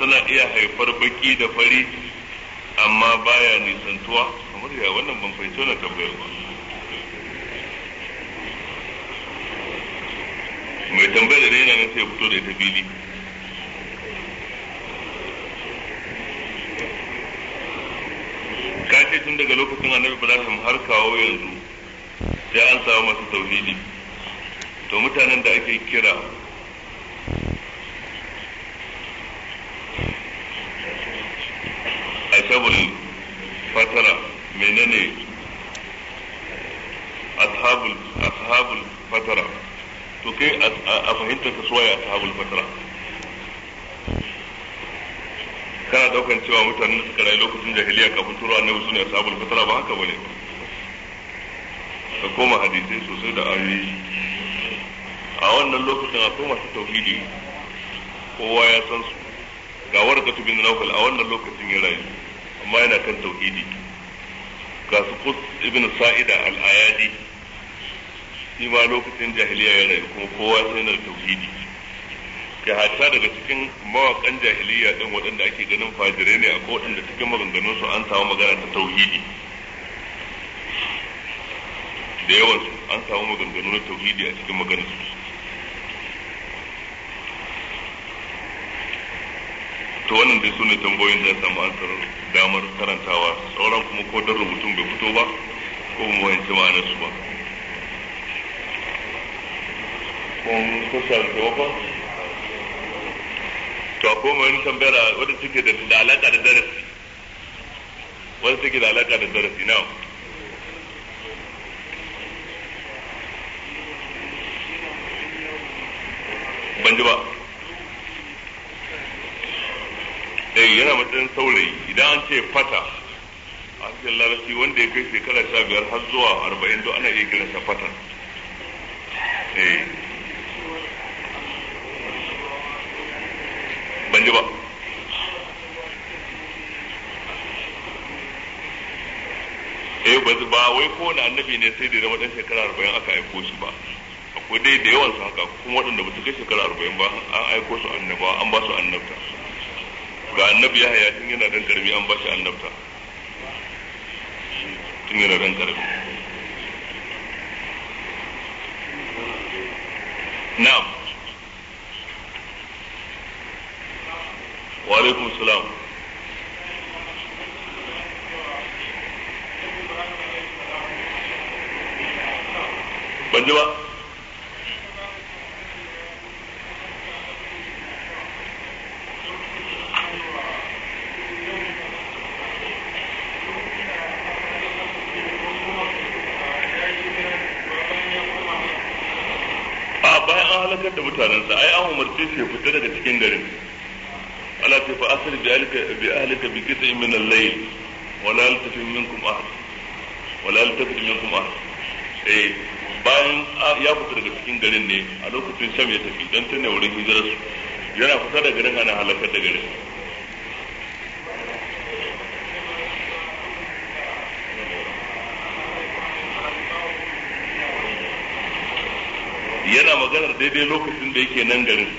suna iya haifar baki da fari amma baya nisantuwa kamar ya wannan ban fahimci wannan tambayar ba mai tambayar da yana nan sai fito da ita fili ka ce tun daga lokacin annabi ibrahim har kawo yanzu sai an samu masu tauhidi to mutanen da ake kira ashabul fatara menene ashabul ashabul fatara to kai a fahimtar ka suwaye ashabul fatara kana daukan cewa mutanen suka rayu lokacin jahiliya kafin turo annabi sune ashabul fatara ba haka bane ka koma hadisai sosai da ayoyi a wannan lokacin akwai masu tauhidi kowa ya san su ga warqatu bin nawfal a wannan lokacin ya rayu amma yana kan tauhidi ga su kus ibn sa'ida al-ayadi shi ma lokacin jahiliya ya rayu kuma kowa sai na tauhidi kai hatta daga cikin mawakan jahiliya din waɗanda ake ganin fajirai ne a akwai da cikin maganganun su an samu magana ta tauhidi da yawan an samu maganganun tauhidi a cikin maganar su to wannan dai sune tambayoyin da ya samu ansar damar karantawa sauran kuma ko dan rubutun bai fito ba ko mu wayanci ma'anar su ba kun kusa da ba to akwai mai wani tambayar wadda suke da alaka da darasi wadda suke da alaka da darasi na ban ji ba eh yana matsayin saurayi idan an ce fata a cikin larabci wanda ya kai shekara sha biyar har zuwa arba'in don ana iya kiransa fata eh. ban ji ba eh ba ba wai ko kowane annabi ne sai da zama shekara arba'in aka aiko shi ba akwai dai da yawan su haka kuma waɗanda ba su kai shekara arba'in ba an aiko su annabawa an ba su annabta ga annabi haya tun yana dan karbi an bashi annabta tun yana dan karbi na'am wa alaikum salam ban ji ba halakar da mutanensa ai an umarce shi ya fita daga cikin garin Allah ta fa asir bi alika bi ahlika bi qit'in min al-layl wa la yaltafi minkum ahad wa la yaltafi minkum ahad eh bayan ah, ya fita daga cikin garin ne a lokacin sham ya tafi dan tunne wurin hijirarsu yana fita daga garin ana halakar da garin yana maganar daidai lokacin da yake nan garin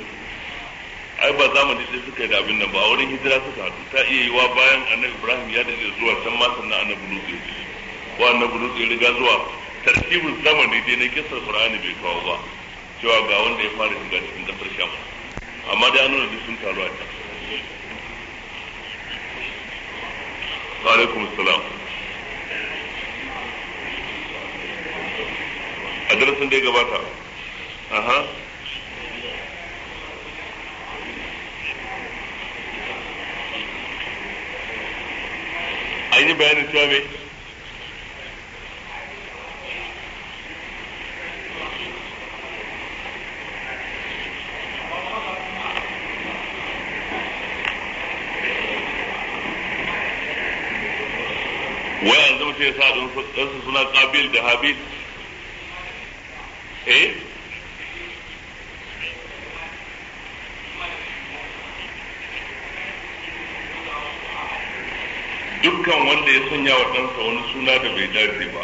ai ba zamani sai suka yi da abin nan ba a wurin hijira suka haɗu ta iya yiwa bayan annabi ibrahim ya daɗe zuwa can ma sannan annabi lutsi ko annabi lutsi riga zuwa tartibin zamani dai na kisar qur'ani bai kawo ba cewa ga wanda ya fara shiga cikin kasar sham amma dai an nuna duk sun taru a can alaikum salam a darasin da ya gabata اها ايني بيان التوابع وين زمتي يا سعد قابل ذهابي ايه dukkan wanda ya sanya wa ɗansa wani suna da bai dace ba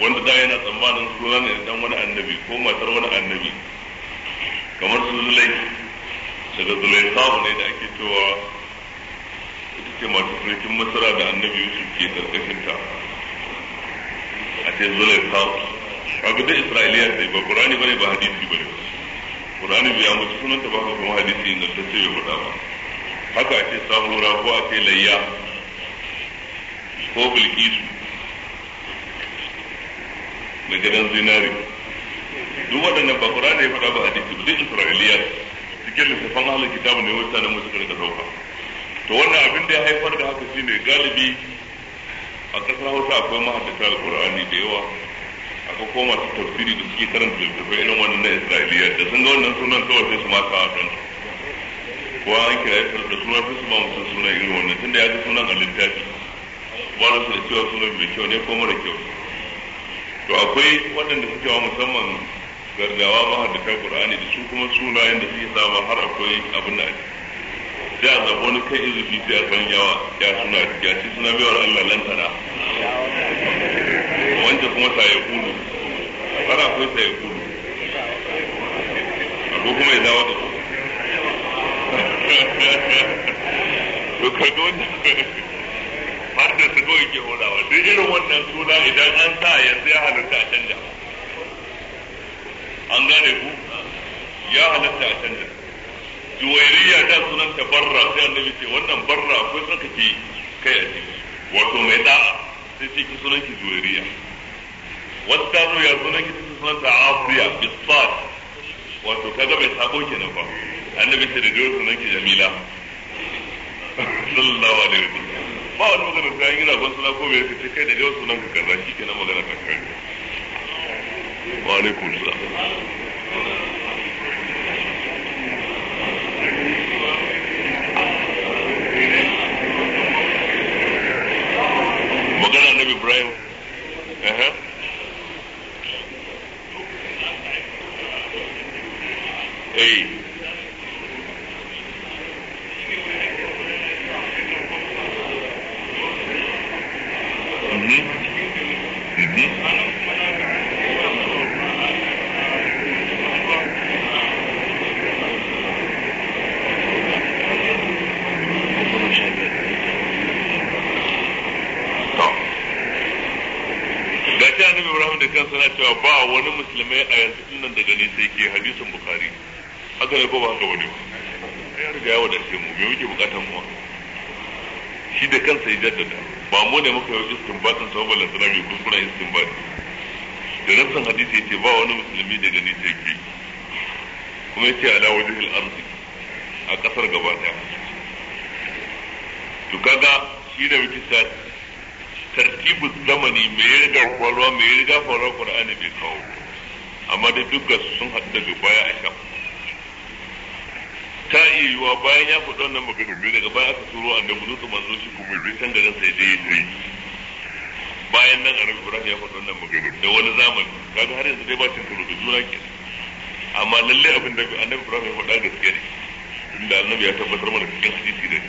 wanda da yana tsammanin suna ne dan wani annabi ko matar wani annabi kamar su zulai daga zulai sabu ne da ake cewa ita ce masu sarkin masara da annabi yusuf ke karkashin ta a ce zulai sabu a guda isra'iliya dai ba qur'ani bane ba hadisi ne. qur'ani bai amma sunan sunanta ba kuma hadisi ce bai faɗa ba haka a ce rafuwa ko a layya ko bilkisu da gidan zinari duk waɗannan ba ƙura ne ya faɗa ba hadisi ba duk isra'iliya cikin littafin halin kitabu ne wata na musu karka dauka to wannan abin da ya haifar da haka shine galibi a ƙasar hausa akwai mahaifar alƙur'ani da yawa aka koma su tafsiri da suke karanta littattafai irin wannan na isra'iliya da sun ga wannan sunan kawai sai su masa a kan ko an kira ya karɓi suna sai su ba musu sunan irin wannan tunda ya ga sunan a littafi wani su da cewa suna mai kyau ne ko mara kyau to akwai waɗanda suke wa musamman gargawa da kai qur'ani da su kuma suna da suke sama har akwai abin da sai a zaba wani kai izu sai a san yawa ya suna ya ci suna biyar Allah lantana wanda kuma ta ya kulu har akwai ta ya kulu ko kuma ya dawo da su to kaga har da su kawai ke horawa duk irin wannan suna idan an sa yanzu ya halitta a canja an gane ku ya halitta a canja juwairiya da sunan ta barra sai annabi ce wannan barra akwai tsarkake kai a ciki wato mai da sai ce ki sunan ki juwairiya wata zo ya sunan ki sunan ta afriya bisfat wato kaga mai sabo kenan ba annabi ce da sunan ki jamila sallallahu alaihi sallam ba wani magana ta yi gina ban suna ko mai kace kai da yau sunan ka kaza shi kenan magana ka kai wa alaikum salam magana na Ibrahim eh ne siddiq gashi annabi ibrahim da kansa na cewa ba wani musulmai a yanzu dinnan daga ne sai ke hadisin bukhari haka ne ko ba haka wani ba ya riga ya wadace mu me muke bukatan mu shi da kansa ya jaddada ba mu ne muka yi istinbatin sa ballan lantana mai kuskuren istinbat da nassan hadisi yace ba wani musulmi da gani ta ke kuma yace ala wajhil ardi a kasar gaba daya to kaga shi da muke sa tartibu zamani mai riga kwalwa mai riga faruwar qur'ani bai kawo amma da dukkan sun haɗu daga baya a shafa ta iya yiwa bayan ya faɗi wannan maganar biyu daga bayan aka turo annabi lutu manzo shi kuma bai can garin sai dai yi bayan nan annabi ibrahim ya faɗi wannan maganar da wani zamani kaga har yanzu dai ba cin turo da juna ke amma lalle abin da annabi ibrahim ya faɗa gaskiya ne inda annabi ya tabbatar mana cikin hadisi da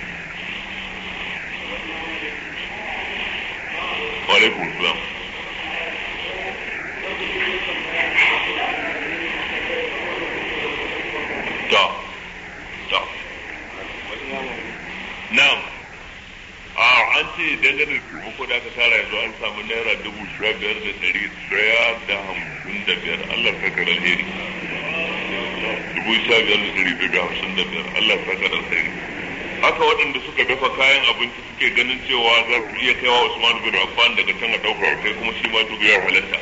wa alaikum salam ta na'am a an ce dangane da ko da aka tara yanzu an samu naira dubu sha biyar da ɗari ɗaya da hamsin da biyar Allah ta kar alheri dubu sha biyar da ɗari biyar da hamsin da biyar Allah ta kar alheri haka waɗanda suka dafa kayan abinci suke ganin cewa za su iya kaiwa Usman bin Affan daga can a ɗaukar kai kuma shi ma duk ya halatta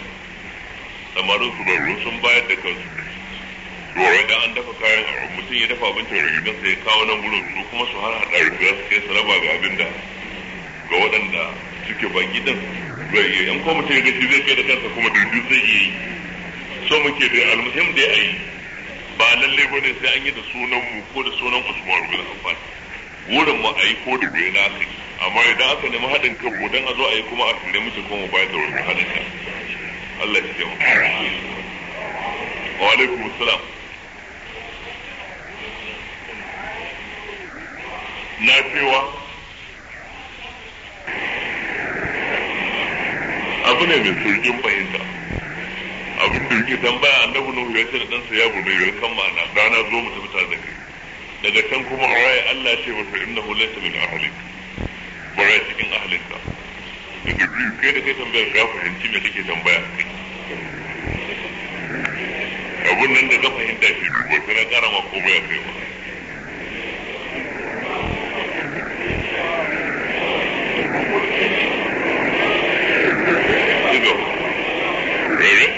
samarin su sun bayar da kansu warin an dafa kayan mutum ya dafa abincin rigar sai ya kawo nan gurin su kuma su har hada su sai su raba ga abin da ga waɗanda suke ba gidan bai yi yan kuma mutum ya gaji zai kai da kansa kuma dindu zai iya yi so muke da almuhim da ya yi ba lalle ba ne sai an yi da sunan mu ko da sunan usman rubin amfani wurin mu a yi ko da bai na aka yi amma idan aka nemi haɗin kan mu don a zo a yi kuma a tunai muke kuma mu bayar da wurin haɗin kan Allah ya ce mu. Wa alaikum salam. lafewa abu ne mai surgin fahimta abin da yake tambaya annabi nuhu ya ce da ɗansa ya gobe ya kan ma'ana rana zo mu tafi tare da kai daga can kuma waye Allah ce masa innahu laysa min ahlik bara cikin ahlinka daga biyu kai da kai tambaya ka fahimci me kake tambaya abun nan da ka fahimta shi ba sai na kara ma komai a kai ba ne Really?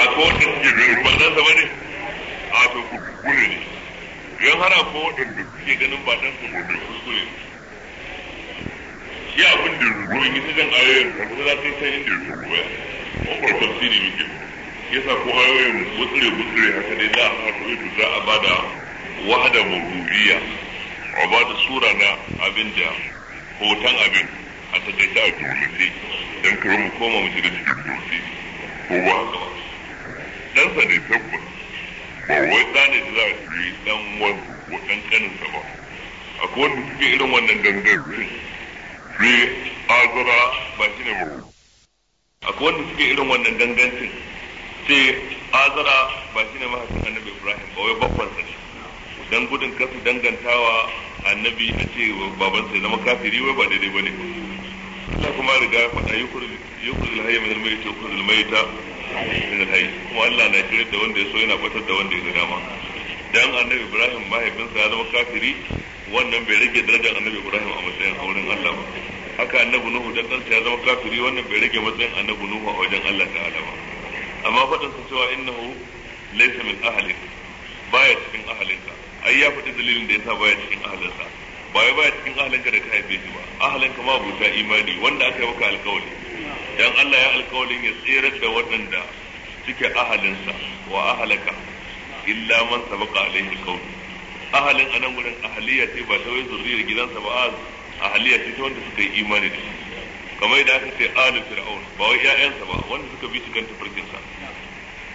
A to wanda suke ganin ba ɗansa ba ne? A to kuskure ne. Yan hana ko waɗanda suke ganin ba ɗansa ba ne kuskure ne. Shi abin da ruwan yi ta jan ayoyin da kuma za ta yi ta yin da ruwa. Ƙwaƙwar su ne ya sa ko ayoyin mutsure mutsure haka dai za a haɗu za a bada wahada mawuriya. a ba da sura na abin da hoton abin a takaice a turmusi don kuma mu koma mu shiga cikin turmusi ko ba haka ba Dan sa ne tabbas ba wai ɗa ne da za a yi ɗan wani ko ɗan sa ba akwai wanda suke irin wannan gangan sai azara ba shi ne ba akwai wanda suke irin wannan gangancin sai azara ba shi ne mahaifin annabi ibrahim ba wai babban sa ne dan gudun kasu dangantawa annabi a ce baban sai zama kafiri wai ba daidai bane Allah kuma riga ya faɗa yukur hayya min al yukur wa yukhrijul mayyita min al kuma Allah na kire da wanda ya so yana batar da wanda ya dama dan annabi Ibrahim mahaifinsa ya zama kafiri wannan bai rage darajar annabi Ibrahim a matsayin auren Allah ba haka annabi Nuhu dan kansa ya zama kafiri wannan bai rage matsayin annabi Nuhu a wajen Allah ta'ala ba amma faɗin sa cewa innahu laysa min ahlik baya cikin ahalinka ai ya faɗi dalilin da yasa baya cikin ahalinsa ba ya baya cikin ahalinka da ka haife shi ba ahalinka ma abuta imani wanda aka yi maka alkawari dan Allah ya alkawarin ya tsirar da waɗanda suke ahalinsa wa ahalaka illa man sabaqa alaihi alqawl ahalin anan gurin ahaliya ce ba ta wai zurriyar gidansa ba ahaliya ce ta wanda suka yi imani da kamar da aka ce alu fir'aun ba wai ƴaƴansa ba wanda suka bi su kan tafarkinsa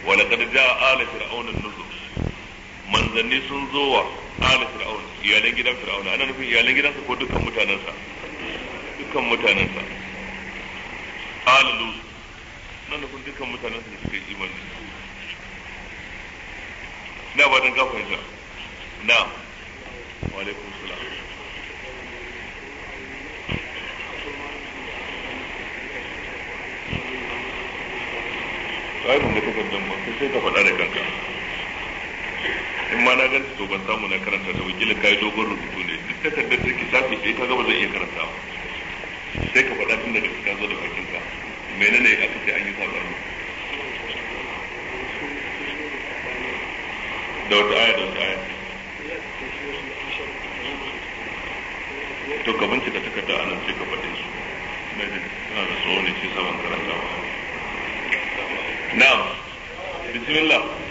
wa laqad jaa ala fir'aun an-nuzur manzanni sun zo wa ala fir'aun iyalan gidan fir'aun ana nufin iyalan gidansa ko dukkan mutanensa dukkan mutanensa ala lut na nufin dukkan mutanensa da suka yi imani na ba dan gafa yanzu na wa alaikum salam Ai, mun ga takardar ba, sai ka faɗa da kanka. in ma na ganta to ban samu na karanta ta wakilin kai dogon rubutu ne duk takardar da ke safi sai ka gaba zai iya karanta sai ka faɗa tun daga ka zo da bakin ka menene a ce an yi sabani da wata aya da wata aya to ka bincika takarda anan sai ka faɗe su na jin suna da tsoro ne sai saman ba na'am bismillah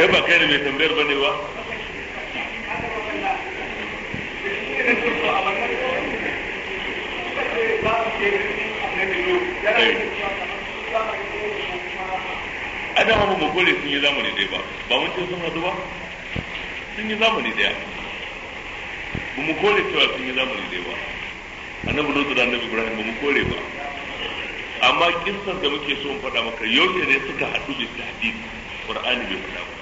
kai ba kai ne mai tambayar bane ba eh. a da ba magore sun yi zamani ɗaya ba ba mun ce sun hadu ba sun yi zamani ɗaya ba mu kore cewa sun yi zamani ɗaya ba annabi lutu da annabi ibrahim ba mu kore ba amma kissan da muke so mu faɗa maka yau ne suka haɗu da tahdid qur'ani bai faɗa ba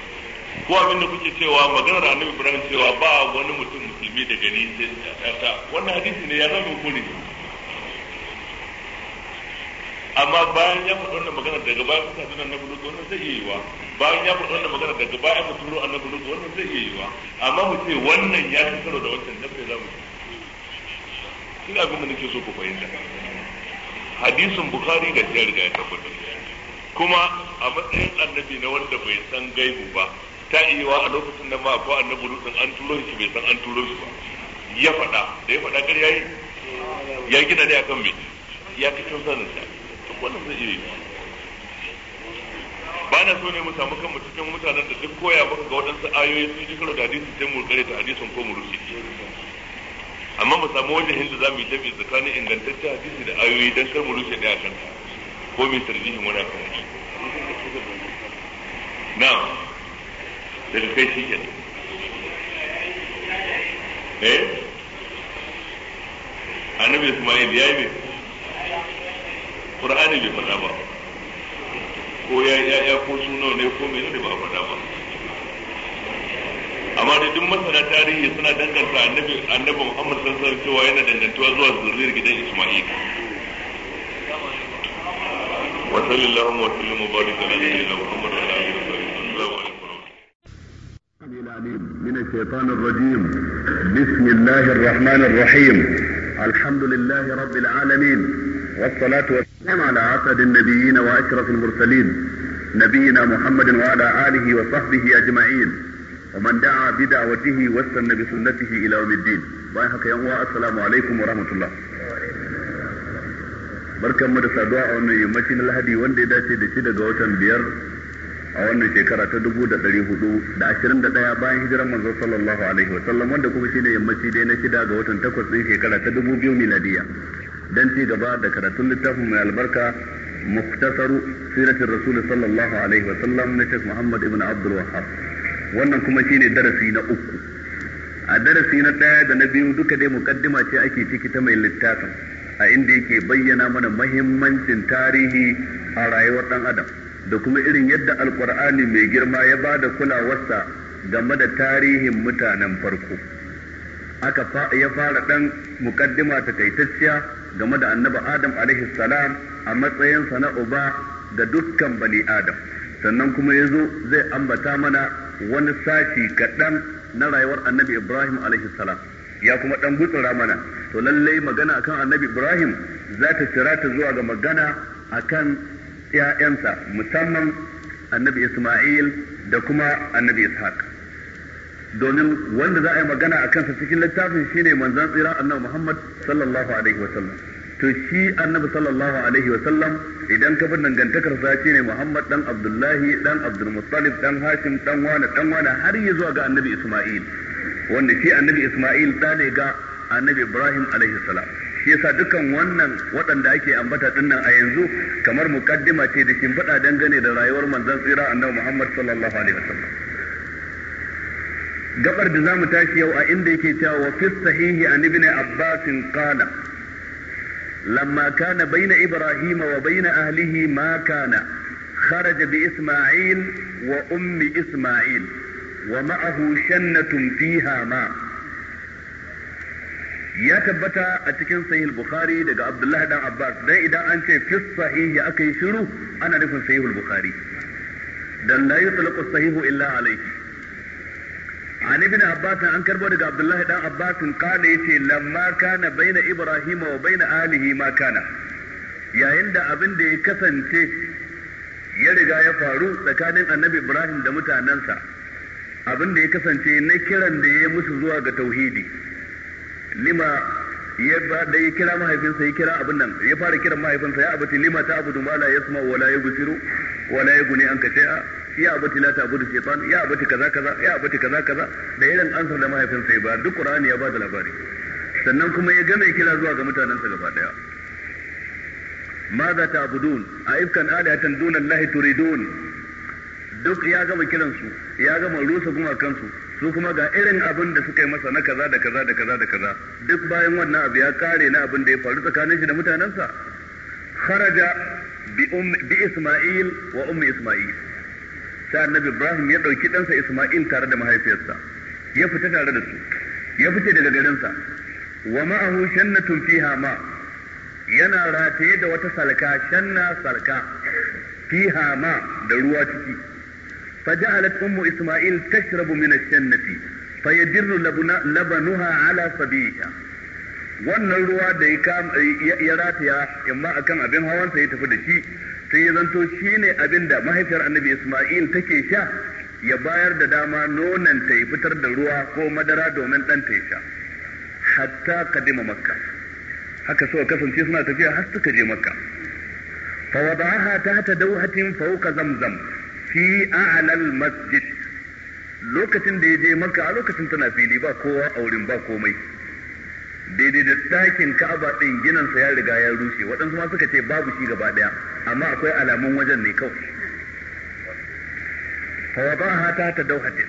ko abin da kuke cewa maganar annabi ibrahim cewa ba wani mutum musulmi da gani sai ta wannan hadisi ne ya zama kore amma bayan ya faɗi wannan magana daga bayan kuka tuna annabi lut wannan zai iya yiwa bayan ya faɗi wannan magana daga bayan mu turo annabi lut wannan zai iya yiwa amma mu ce wannan ya fi karo da wancan dafa za mu ci ina abin da nake so ku fahimta hadisin bukhari ga ya riga ya tabbatar kuma a matsayin annabi na wanda bai san gaibu ba ta iya a lokacin da ma akwai annabi lutsin an turo shi bai san an turo shi ba ya faɗa da ya faɗa kar yi ya gina dai akan me ya fi kan sanin sa to wannan zai iya yi ba na so ne mu samu kanmu cikin mutanen da duk koya maka ga waɗansu ayoyi sun ji karo da hadisi sai mu kare ta hadisin ko mu rushe amma mu samu wajen hinda za mu yi jami'i tsakanin ingantaccen hadisi da ayoyi don kar mu rushe ɗaya kanta ko mai tarjihin wani kan na'am daga kai shi kenan eh annabi Ismail ya yi ne Qur'ani bai faɗa ba ko ya ya ya ko suno ne ko me ne ba faɗa ba amma da duk masana tarihi suna danganta annabi annabi Muhammad sallallahu alaihi cewa yana dangantuwa zuwa zuriyar gidan Ismail wa sallallahu wa sallam mubarak ala alaihi Muhammad wa ala العليم من الشيطان الرجيم بسم الله الرحمن الرحيم الحمد لله رب العالمين والصلاة والسلام على أسعد النبيين وأشرف المرسلين نبينا محمد وعلى آله وصحبه أجمعين ومن دعا بدعوته واستنى بسنته إلى يوم الدين بايحك يا السلام عليكم ورحمة الله بركة mu da saduwa a wannan yammacin lahadi wanda ya dace da shi a wannan shekara ta dubu da ɗari hudu da ashirin da ɗaya bayan hijiran manzo sallallahu alaihi wa sallam wanda kuma shine yammaci dai na shida ga watan takwas ɗin shekara ta dubu biyu miladiya dan ci gaba da karatun littafin mai albarka muktasaru siratin rasul sallallahu alaihi wa sallam na shek Muhammad ibn Abdul Wahhab wannan kuma shine darasi na uku a darasi na ɗaya da na biyu duka dai mukaddima ce ake ciki ta mai littafin a inda yake bayyana mana mahimmancin tarihi a rayuwar ɗan adam da kuma irin yadda alkur'ani mai girma ya ba da kulawarsa game da tarihin mutanen farko aka ya fara ɗan mukaddima ta taitacciya game da annabi adam alaihi salam a matsayinsa na uba da dukkan bani adam sannan kuma ya zo zai ambata mana wani sashi kaɗan na rayuwar annabi ibrahim alaihi salam ya kuma ɗan gutsura mana to lallai magana akan annabi ibrahim za ta cira ta zuwa ga magana akan ‘ya'yansa musamman annabi Ismail da kuma annabi Ishaq. Domin wanda za a yi magana a kansa cikin littafin shine manzan tsira annabi Muhammad sallallahu alaihi wasallam. To shi annabi sallallahu alaihi wasallam idan ka bin dangantakar sa ne Muhammad dan Abdullahi dan Abdul Muttalib dan Hashim dan Wani dan Wani har ya zuwa ga annabi Ismail. Wanda shi annabi Ismail ɗa ne ga annabi Ibrahim alaihi salam. shi yasa dukan wannan waɗanda ake ambata ɗinnan a yanzu kamar mukaddima ce da kin faɗa dangane da rayuwar manzon tsira annabi Muhammad sallallahu alaihi wasallam gabar da zamu tashi yau a inda yake cewa wa fi sahihi an ibn Abbas qala lamma kana baina Ibrahim wa baina ahlihi ma kana wa Ummi Isma'il wa ومعه شنة فيها ma. ya tabbata a cikin sahih bukhari daga abdullahi dan abbas dan idan an ce fi sahih aka yi shiru ana nufin sahih bukhari dan la yutlaqu sahihu illa alayhi an ibn abbas an karbo daga abdullahi dan abbas kana yace lamma kana baina ibrahima wa baina alihi ma kana yayin da abin da ya kasance ya riga ya faru tsakanin annabi ibrahim da mutanensa abin da ya kasance na kiran da ya musu zuwa ga tauhidi lima ya ba da ya kira mahaifinsa ya kira abin nan ya fara kiran mahaifinsa ya abati lima ta abudu ma la yasma wala yubsiru wala an anka shay'a ya abati la ta'budu shaytan ya abati kaza kaza ya abati kaza kaza da irin ansar da mahaifinsa ya ba duk qur'ani ya ba da labari sannan kuma ya game kira zuwa ga mutanensa gaba daya ماذا تعبدون أئفكا آلهة دون الله تريدون duk ya gama kiransu ya gama rusa gumakansu su kuma ga irin abin da suka yi masa na kaza da kaza da kaza da kaza duk bayan wannan abu ya kare na abin da ya faru tsakanin shi da mutanensa kharaja bi um, Isma'il wa ummi Isma'il sai annabi Ibrahim ya dauki ɗansa Isma'il tare da mahaifiyarsa ya fita tare da su ya fita daga garinsa wa ma'ahu shannatun fiha ma yana rataye da wata salka shanna salka fiha ma da ruwa ciki فجعلت أم إسماعيل تشرب من الشنة فيجر لبنها على صبيها wannan ruwa da ya rataya imma akan abin hawan sa ya tafi da shi sai ya zanto shine abin da mahaifiyar annabi isma'il take sha ya bayar da dama nonon ta fitar da ruwa ko madara domin ɗan ta sha hatta kadima makka haka suka kasance suna tafiya har suka je makka fa wada'aha tahta dawhatin fawqa zamzam fi a'lal masjid lokacin da ya je maka a lokacin tana fili ba kowa a wurin ba komai daidai da ɗakin ka'aba ɗin sa ya riga ya rushe waɗansu ma suka ce babu shi gaba ɗaya amma akwai alamun wajen ne kawai fawadaha ta ta dauhati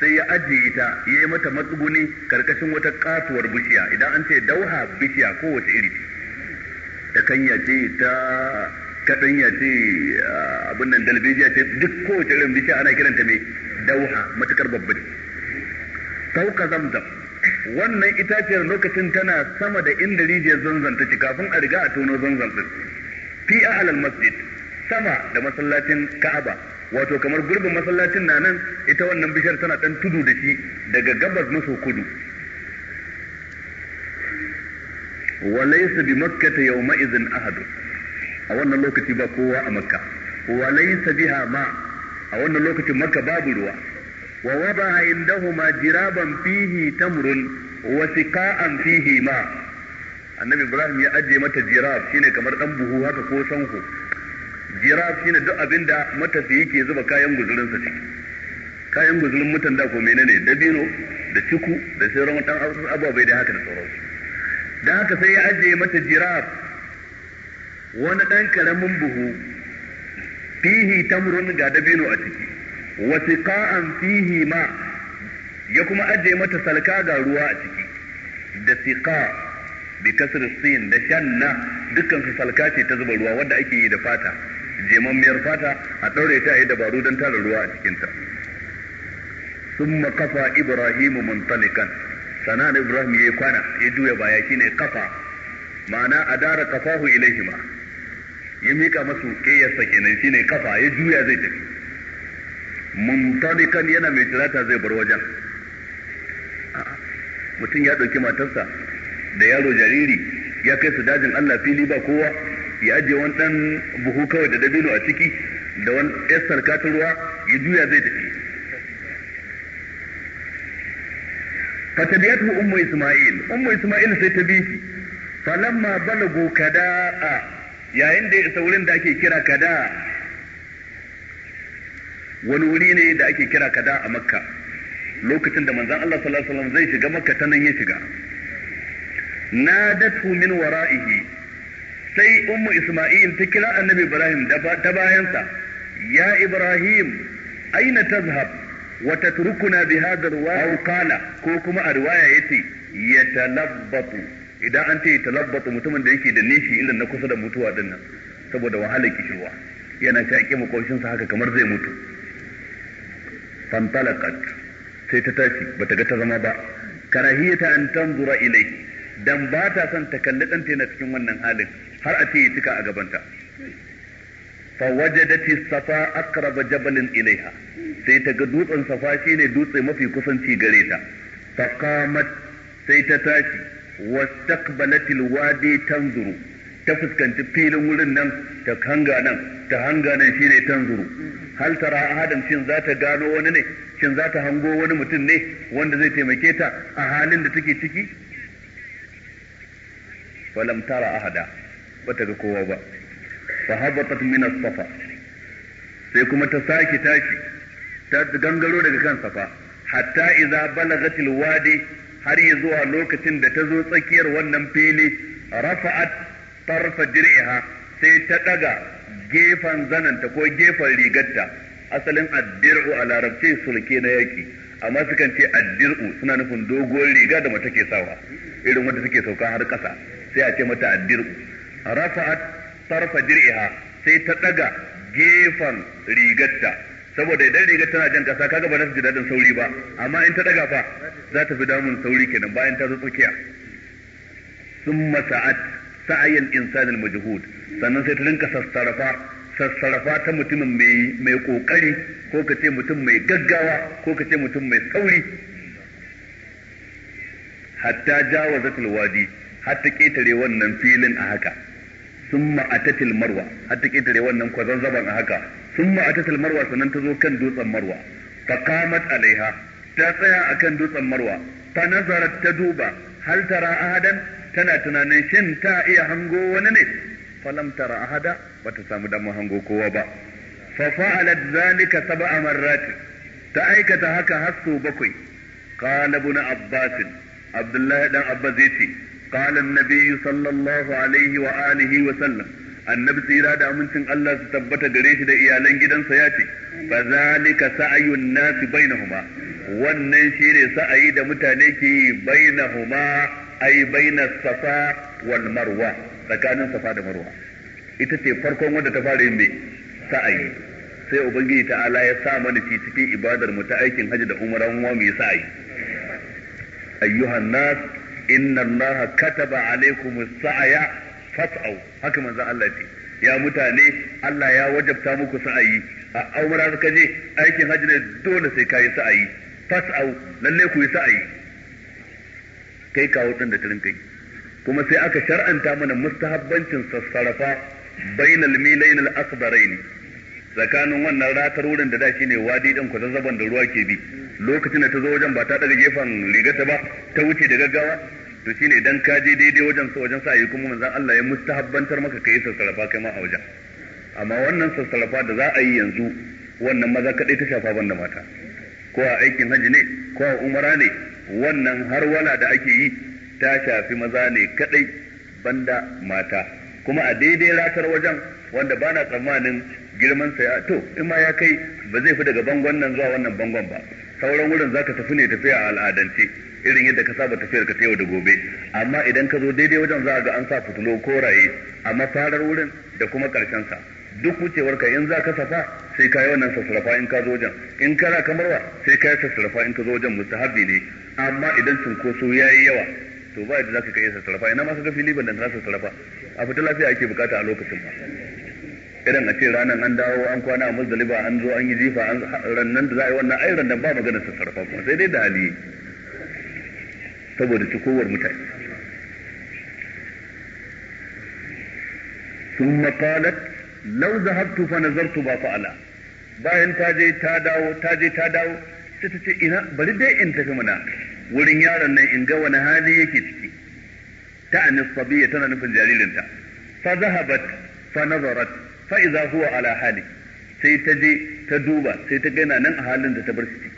sai ya ajiye ita ya yi mata matsuguni karkashin wata katuwar bishiya idan an ce dauha bishiya kowace iri ta kanya ce ta ya ce ah, abin nan dalbejiya ce duk kowace irin bishiya ana kiranta mai dauha matukar babba ne sauka zamzam wannan itaciyar lokacin tana sama da inda rijiyar zanzan ta ci kafin a riga a tono zanzan din fi ahlal masjid sama da masallacin ka'aba wato kamar gurbin masallacin na nan ita wannan bishiyar tana dan tudu da shi daga gabas maso kudu walaysa bi makkah yawma idhin ahadun a wannan lokaci ba kowa a makka wa laysa biha ma a wannan lokacin makka babu ruwa wa wada indahuma jiraban fihi tamrun wa siqa'an fihi ma annabi ibrahim ya ajiye mata jirab shine kamar dan buhu haka ko sanko jirab shine duk abinda matafiyi ke zuba kayan sa ciki kayan guzurin mutan da ko menene dabino da ciku da sauran dan bai da haka da sauransu dan haka sai ya ajiye mata jirab wani ɗan ƙaramin buhu fihi tamrun ga dabino a ciki Wasu ka'an fihi ma ya kuma ajiye mata salka ga ruwa a ciki da siqa bi kasr sin da shanna dukkan su salka ce ta zuba ruwa wanda ake yi da fata jemammiyar fata a ɗaure ta yi dabaru don tara ruwa a cikinta summa kafa ibrahimu muntalikan sana'ar ibrahim ya yi kwana ya juya baya shine kafa ma'ana a adara kafahu ilaihima ya mika masu kayyarsa kenan shine kafa ya juya zai tafi mumtadikan yana mai tirata zai bar wajen mutum ya ɗauki matarsa da yaro jariri ya kai su dajin Allah fili ba kowa ya ajiye wani ɗan buhu kawai da dabino a ciki da wani yastar katin ruwa ya juya zai tafi fataliyatu ummu isma'il ummu isma'il sai ta bi shi falamma balagu kada'a yayin da ya isa wurin da ake kira kada wani wuri ne da ake kira kada a makka lokacin da manzan Allah sallallahu alaihi wasallam zai shiga makka ta nan ya shiga nadatu min wara'ihi sai ummu isma'il ta kira annabi ibrahim ta bayansa ya ibrahim aina tazhab wa tatrukuna bi hadha ko kuma a riwaya yace yatalabbatu idan an ce talabbatu mutumin da yake da nishi inda na kusa da mutuwa din nan saboda wahala kishirwa yana shaƙe sa haka kamar zai mutu fantalaqat sai ta tashi bata ga ta zama ba karahiyata an tanzura ilai dan ba ta son ta kalli ɗanta na cikin wannan halin har a ce ya tuka a gabanta wajadati safa aqraba jabalin ilaiha sai ta ga dutsen safa shine dutse mafi kusanci gare ta qamat sai ta tashi wastaqbalatil wadi tanzuru ta fuskanci filin wurin nan ta hanga nan ta hanga nan shine tanzuru hal tara ahadan shin za ta gano wani ne shin za ta hango wani mutum ne wanda zai taimake ta a halin da take ciki falam tara ahada ta ga kowa ba fa habatat min as-safa sai kuma ta sake tashi ta gangaro daga kan safa hatta idza balagatil wadi har yi zuwa lokacin da ta zo tsakiyar wannan fili rafa'at tarfa dir'iha sai ta ɗaga gefen zananta ko gefen rigarta asalin addir'u a larabci sulke na yaki amma sukan ce addir'u suna nufin doguwar riga da mata ke sawa irin wanda suke sauka har ƙasa sai a ce mata addir'u rafa'at tarfa dir'iha sai ta ɗaga gefen rigarta saboda idan rigar tana jan kasa kaga ba za su ji sauri ba amma in ta daga fa za ta fi damun sauri kenan bayan ta zo tsakiya sun masa'at sa'ayin insanin majhud sannan sai ta rinka sassarafa sassarafa ta mutumin mai mai kokari ko ka ce mutum mai gaggawa ko ka ce mutum mai sauri hatta jawazatul wadi hatta ketare wannan filin a haka sun ma'atatil marwa har ta ƙetare wannan kwazazzaban a haka sun ma'atatil marwa sannan ta zo kan dutsen marwa fa qamat alaiha ta tsaya akan dutsen marwa fa nazarat ta duba hal tara ahadan tana tunanin shin ta iya hango wani ne falam tara ahada bata samu damar hango kowa ba fa fa'alat zalika sab'a marrat ta aikata haka har bakwai qala ibn abbas abdullahi dan abbas yace قال النبي صلى الله عليه وآله وسلم annabi tsira da amincin Allah su tabbata gare shi da iyalan gidansa ya ce fa zalika sa'ayun nasi bainahuma wannan shine sa'ayi da mutane ke bainahuma ai baina safa wal marwa tsakanin safa da marwa ita ce farkon wanda ta fara yin sa'ayi sai ubangiji ta'ala ya sa mana ci cikin ibadar mu ta aikin hajji da umra mu mu sa'ayi ayyuhan nas inna allaha kataba alaikum sa'ya fas'au haka manzo Allah ce ya mutane Allah ya wajabta muku sa'ayi a aumara ka je aikin hajji ne dole sai kayi sa'ayi fas'au lalle ku yi sa'ayi kai kawo din da tirin kuma sai aka shar'anta mana mustahabbancin sassarafa bainal milainal akbarain tsakanin wannan ratar wurin da da shi ne wadi din zazzaban da ruwa ke bi lokacin da ta zo wajen ba ta daga gefen rigata ba ta wuce da gaggawa to shine dan ka je daidai wajen sa wajen sa yi kuma manzon Allah ya mustahabbantar maka kai sassarafa kai ma a wajen amma wannan sassarafa da za a yi yanzu wannan maza kadai ta shafa banda mata ko a aikin hajji ne ko a umara ne wannan har wala da ake yi ta shafi maza ne kadai banda mata kuma a daidai ratar wajen wanda bana tsammanin girman sa ya to in ma ya kai ba zai fi daga bangon nan zuwa wannan bangon ba sauran wurin zaka tafi ne tafiya a al'adance irin yadda ka saba tafiyar ka ta yau da gobe amma idan ka zo daidai wajen za ga an sa fitulo koraye a mafarar wurin da kuma karshen sa duk wucewar ka in za ka safa sai ka yi wannan sassarafa in ka zo wajen in kana kamarwa sai ka yi sassarafa in ka zo wajen mustahabi ne amma idan cunkoso ya yi yawa to ba yadda za ka iya sassarafa ina ma ka ga fili ban ta sassarafa a fita lafiya ake bukata a lokacin ba irin a ce ranar an dawo an kwana a muzdalifa an zo an yi jifa an rannan da za a yi wannan ai rannan ba magana su sarfa kuma sai dai da hali saboda ci kowar mutane ثم قالت لو ذهبت فنظرت fa فعل bayan ta je ta dawo ta je ta dawo sai ta ce ina bari dai in tafi mana wurin yaron nan in ga wani hali yake ciki ta anis sabiya tana nufin jaririnta fa zahabat fa nazarat fa iza huwa ala hali sai ta je ta duba sai ta gaina nan a halin da ta bar shi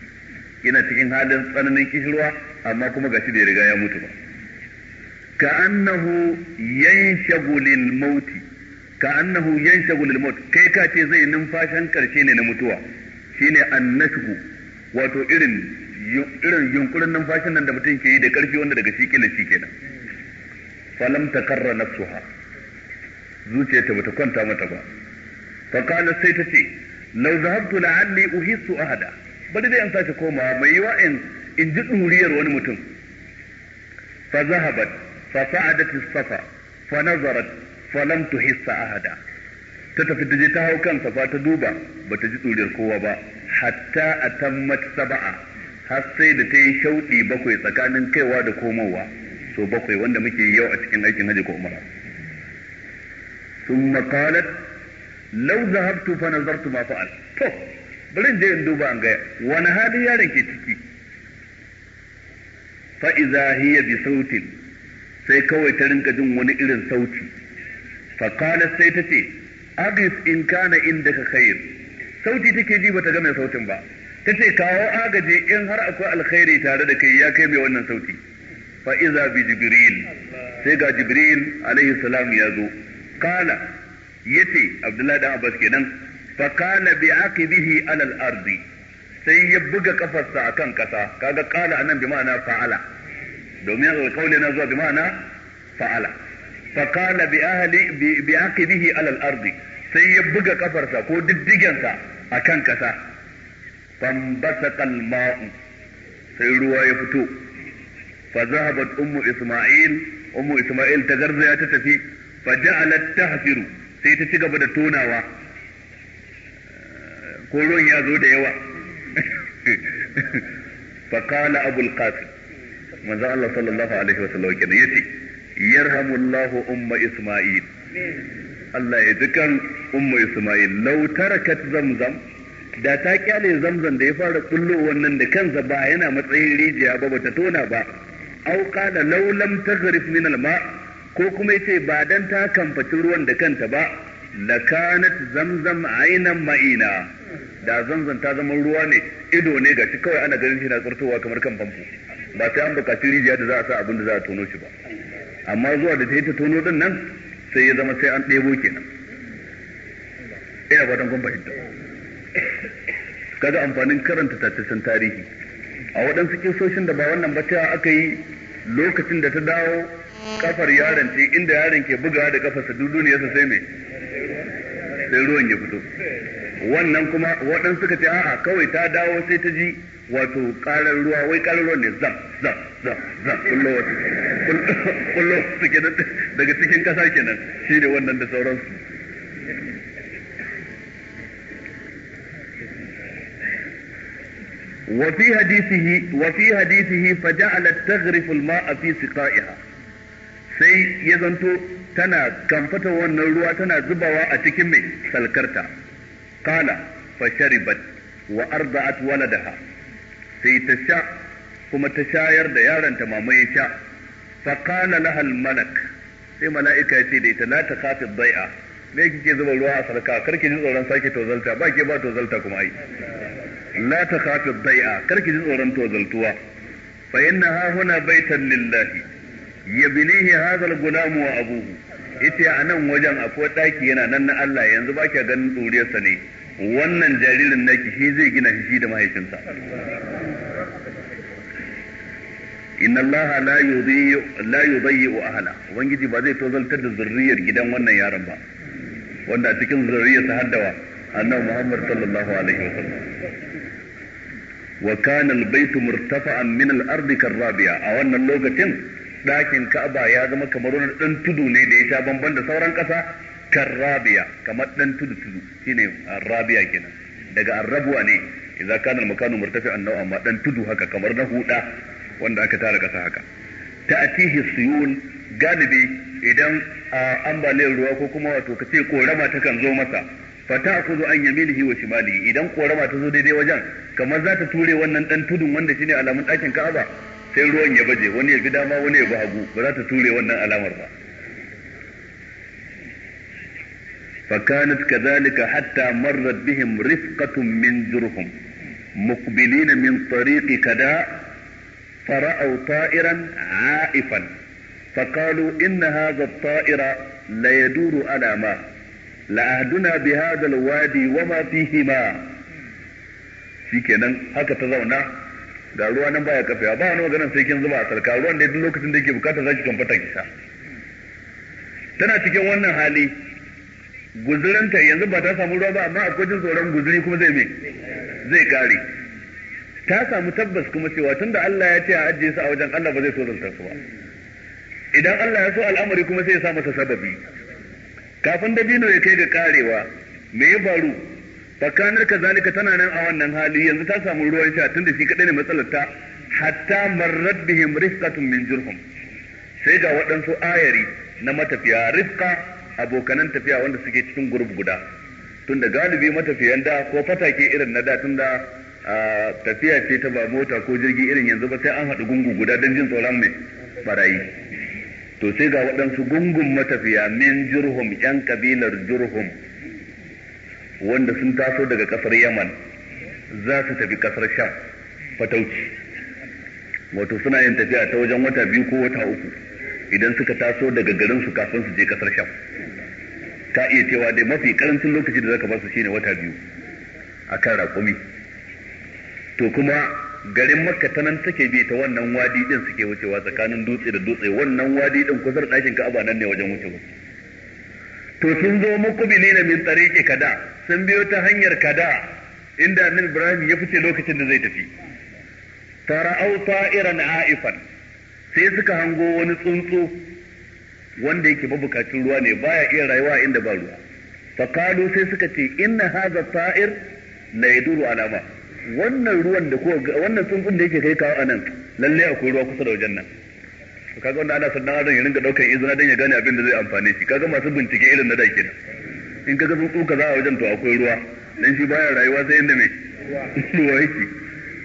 yana cikin halin tsananin kishirwa amma kuma gashi bai riga ya mutu ba ka annahu yanshagu lil mauti ka annahu yanshagu lil maut kai ka ce zai numfashin karshe ne na mutuwa shine annashu wato irin irin yunkurin numfashin nan da mutum ke yi da karfi wanda daga shi kila shi kenan falam takarra nafsuha zuciyarta bata kwanta mata ba fa sai ta ce law zahabtu la'alli uhissu ahada bari dai in sake komawa mai yi in in ji duriyar wani mutum fa zahabat fa sa'adat as-safa fa nazarat fa lam a ahada ta tafi ta je ta hau kansa fa ta duba bata ji tsuriyar kowa ba hatta atammat saba'a har sai da ta yi shauɗi bakwai tsakanin kaiwa da komowa so bakwai wanda muke yau a cikin aikin hajji ko umara Lauza zahabtu fa nazartu ma fa'al to bari in je in duba an ga wani hali yaron ke ciki fa idza hiya bi sautin sai kawai ta rinka jin wani irin sauti fa qalat sai ta ce agis in kana indaka khair sauti take ji bata ga mai sautin ba tace kawo agaji in har akwai alkhairi tare da kai ya kai mai wannan sauti fa iza bi sai ga jibril alaihi salam ya zo kala yace Abdullahi dan Abbas kenan fa kana bi aqibihi alal ardi sai ya buga kafarsa akan kasa kaga qala anan bi ma'ana fa'ala domin alƙawli na zuwa bi ma'ana fa'ala fa kana bi ahli bi aqibihi alal ardi sai ya buga kafarsa ko diddigensa akan kasa fambasatal ma'u sai ruwa ya fito fa zahabat ummu isma'il ummu isma'il ta garzaya ta tafi fa ja'alat tahfiru sai ta ci gaba da tonawa ko ruwan ya zo da yawa فقال abul القاسم manzon Allah sallallahu alaihi wa sallam kenan yace yarhamullahu umma isma'il Allah ya dukan umma isma'il law tarakat zamzam da ta kyale zamzam da ya fara kullo wannan da kansa ba yana matsayin rijiya ba bata tona ba au qala law lam tazrif min al-ma' ko kuma yace ba dan ta kamfaci ruwan da kanta ba kanat zamzam ainan ma'ina da zamzam ta zama ruwa ne ido ne ga shi kawai ana ganin shi na tsartowa kamar kan famfo ba sai an bukaci rijiya da za a sa abin da za a tono shi ba amma zuwa da ta yi ta tono din nan sai ya zama sai an ɗebo kenan ina fatan kun fahimta kaga amfanin karanta tattaccen tarihi a waɗansu kisoshin da ba wannan ba aka yi lokacin da ta dawo kafar yaron ce inda yaron ke bugawa da kafarsa duduniyarsa sai me sai ruwan ya fito wannan kuma waɗansu suka ce a'a kawai ta dawo sai ta ji wato karar ruwa wai karar ruwa ne zam zam zam zam kullo kullo su daga cikin kasa kenan shi ne wannan da sauransu وفي حديثه وفي حديثه فجعلت تغرف الماء في سقائها sai ya zanto tana kamfata wannan ruwa tana zubawa a cikin mai salkarta kala fa sharibat wa arda'at waladaha sai ta sha kuma ta shayar da yaronta mama ya sha fa kala laha malak sai mala'ika ya ce da ita la ta khafi bai'a me kike zuba ruwa a salka karki ji tsoron sake tozalta ba ke ba tozalta kuma ai la ta khafi bai'a karki ji tsoron tozaltuwa fa inna ha huna baitan lillahi yabnihi hadha al-gulam wa abuhu a nan wajen akwai daki yana nan na Allah yanzu ba kya ganin duriyarsa ne wannan jaririn naki shi zai gina shi da mahaifinsa inna Allah la yudhi'u la yudhi'u ahla ubangiji ba zai tozaltar da zurriyar gidan wannan yaron ba wanda a cikin ta haddawa annabi Muhammad sallallahu alaihi wasallam wa kana al-baytu murtafa'an min al-ardi karrabiya a wannan lokacin ɗakin ka'aba ya zama kamar wani ɗan tudu ne da ya sha bamban da sauran ƙasa kan rabiya kamar ɗan tudu tudu shine rabiya kenan daga arrabuwa ne idan kana makanu murtafi annau amma ɗan tudu haka kamar na huda wanda aka tara ƙasa haka Ta atihi suyun galibi idan ambaliyar ruwa ko kuma wato kace korama ta kan zo masa fata akuzu an yaminihi wa shimalihi idan korama ta zo daidai wajen kamar za ta ture wannan ɗan tudun wanda shine alamun ɗakin Ka'aba sai ruwan ya baje wani ya bi dama wani ya bi hagu ba za ta ture wannan alamar ba fakanat kadhalika hatta marrat bihim rifqatun min zurhum مقبلين من طريق كدا فرأوا طائرا عائفا فقالوا إن هذا الطائر لا يدور على ما لأهدنا بهذا الوادي وما فيه ما في كنن هكذا ga ruwa nan baya kafewa ba wani maganar sai kin zuba a sarka ruwan da duk lokacin da yake bukata zaki kan kisa tana cikin wannan hali ta yanzu ba ta samu ruwa ba amma akwai jin tsoron guzuri kuma zai me zai kare ta samu tabbas kuma cewa tunda Allah ya ce a ajiye su a wajen Allah ba zai so zanta su ba idan Allah ya so al'amari kuma sai ya sa masa sababi kafin dabino ya kai ga karewa me ya faru fakanar zalika tana nan a wannan hali yanzu ta samu ruwan sha tunda shi kadai ne matsalar ta hatta marrat bihim rifqatun min jurhum sai ga waɗansu ayari na matafiya rifqa abokanan tafiya wanda suke cikin gurub guda tunda galibi matafiyan da ko fatake irin na da tunda tafiya ce ta ba mota ko jirgi irin yanzu ba sai an haɗu gungu guda don jin tsoron mai barayi to sai ga waɗansu gungun matafiya min jurhum yan kabilar jurhum wanda sun taso daga kasar yaman za su tafi kasar sham fatauci wato suna yin tafiya ta wajen wata biyu ko wata uku idan suka taso daga garin su kafin su je kasar sham ka iya cewa dai mafi karancin lokaci da zaka basu shine wata biyu a kan raƙumi to kuma garin makka ta nan take bi ta wannan wadi din suke wucewa tsakanin dutse da dutse wannan wadi din kusa da ɗakin ka'aba nan ne wajen wucewa to sun zo muqbilina min tariqi kada sun biyo ta hanyar kada inda min Ibrahim ya fice lokacin da zai tafi tara'au ta'iran a'ifan sai suka hango wani tsuntsu wanda yake mabukacin ruwa ne baya iya rayuwa inda ba ruwa fakalu sai suka ce inna hadha ta'ir na yaduru alama wannan ruwan da ko wannan tsuntsun da yake kai kawo anan lalle akwai ruwa kusa da wajen nan to kaga wanda ana sannan adam ya ringa daukar izina dan ya gane abin da zai amfane shi kaga masu bincike irin na da kenan in kaga sun tsuka za a wajen to akwai ruwa dan shi baya rayuwa sai inda mai ruwa yake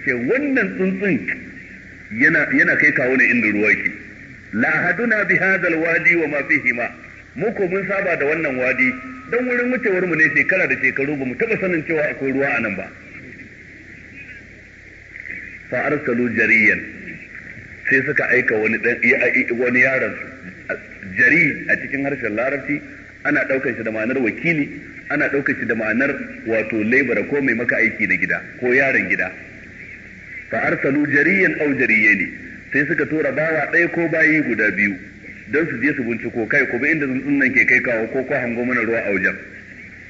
ke wannan tsuntsun yana yana kai kawo ne inda ruwa yake la haduna bi hadal wadi wa ma fihi ma mu ko mun saba da wannan wadi dan wurin wucewar mu ne shekara da shekaru ba mu taba sanin cewa akwai ruwa a nan ba fa arsalu jariyan sai suka aika wani wani yaron jari a cikin harshen larabci ana daukar shi da ma'anar wakili ana daukar shi da ma'anar wato laibara ko mai maka aiki na gida ko yaron gida fa arsalu jariyan aw jariyani sai suka tura bawa ɗaya ko bayi guda biyu don su je su binciko kai ko inda tsuntsun nan ke kai kawo ko ko hango mana ruwa a wajen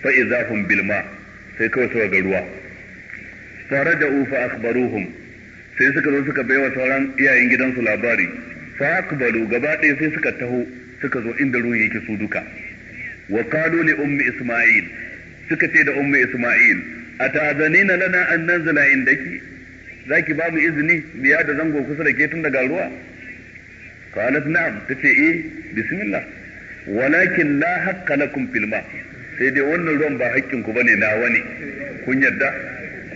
fa izahum bilma sai kawai suka ga ruwa raja'u fa akhbaruhum sai suka zo suka baiwa sauran iyayen gidansu labari fa balu gaba ɗaya sai suka taho suka zo inda ruwan yake su duka wa qalu li ummi isma'il suka ce da ummi isma'il ata'zanina lana an nanzila indaki zaki ba mu izini biya da zango kusa da ke tun daga ruwa qalat na'am tace eh bismillah walakin la haqqa lakum fil ma sai dai wannan ruwan ba haƙƙin ku bane na ne kun yarda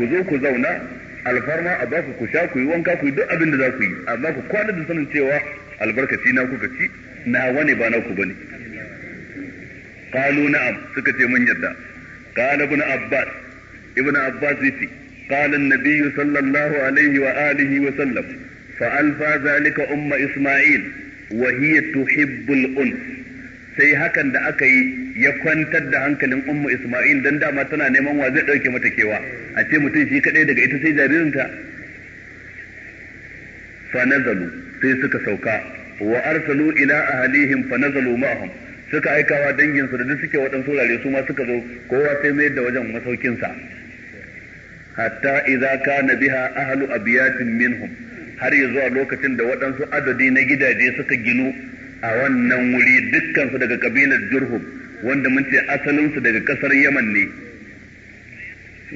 ku zo ku zauna alfarma a baku ku sha ku yi wanka ku yi duk abin da za ku yi amma ku kwana da sanin cewa albarkaci na kuka ci na wani ba na ku bane qalu na'am suka ce mun yadda qala ibn abbas ibn abbas yace qala an-nabiy sallallahu alaihi wa alihi wa sallam fa alfa zalika umma isma'il wa hiya tuhibbul uns sai hakan da aka yi ya kwantar da hankalin ummu Isma'il dan dama tana neman wa zai dauke mata kewa a ce mutum shi kadai daga ita sai jaririnta fa nazalu sai suka sauka wa arsalu ila ahlihim fa nazalu ma'ahum suka aikawa dangin su da duk suke waɗansu rare su ma suka zo kowa sai mai da wajen masaukin sa hatta idza kana biha ahlu abiyatin minhum har ya zuwa lokacin da waɗansu adadi na gidaje suka ginu a wannan wuri dukkansu daga kabilar Jurhum wanda mun ce asalinsu daga kasar Yaman ne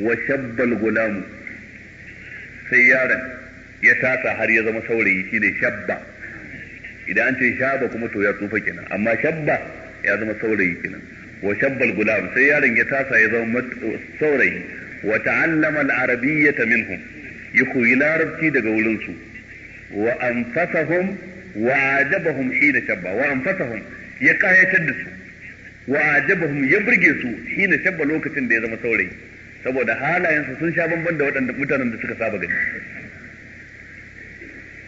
wa shabbal gulamu sai yaron ya tasa har ya zama saurayi shine shabba idan an ce shaba kuma to ya tsufa kenan amma shabba ya zama saurayi kenan wa shabbal gulam sai yaron ya tasa ya zama saurayi wa ta'allama al-arabiyyata minhum ya larabci daga wurin su wa anfasahum wa ajabahum hina shabba wa anfasahum ya kayatar da su wa ajabahum ya burge su hina shabba lokacin da ya zama saurayi saboda su sun sha bamban da waɗanda mutanen da suka saba gani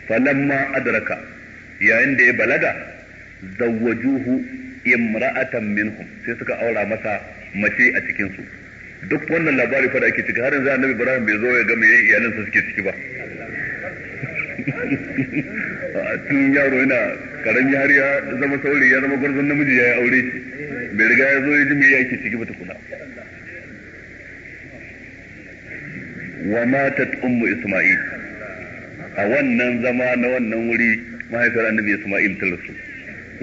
falamma adraka yayin da ya balaga zawajuhu imra'atan minhum sai suka aura masa mace a cikin su duk wannan labari fa da ake ciki har yanzu annabi Ibrahim bai zo ya ga me iyalansa suke ciki ba tun yaro yana karami har ya zama saurayi ya zama gwarzon namiji ya yi aure shi bai riga ya zo ya ji me yake ciki ba kuna. wa matat ummu isma'il a wannan zama na wannan wuri mahaifiyar annabi isma'il ta rasu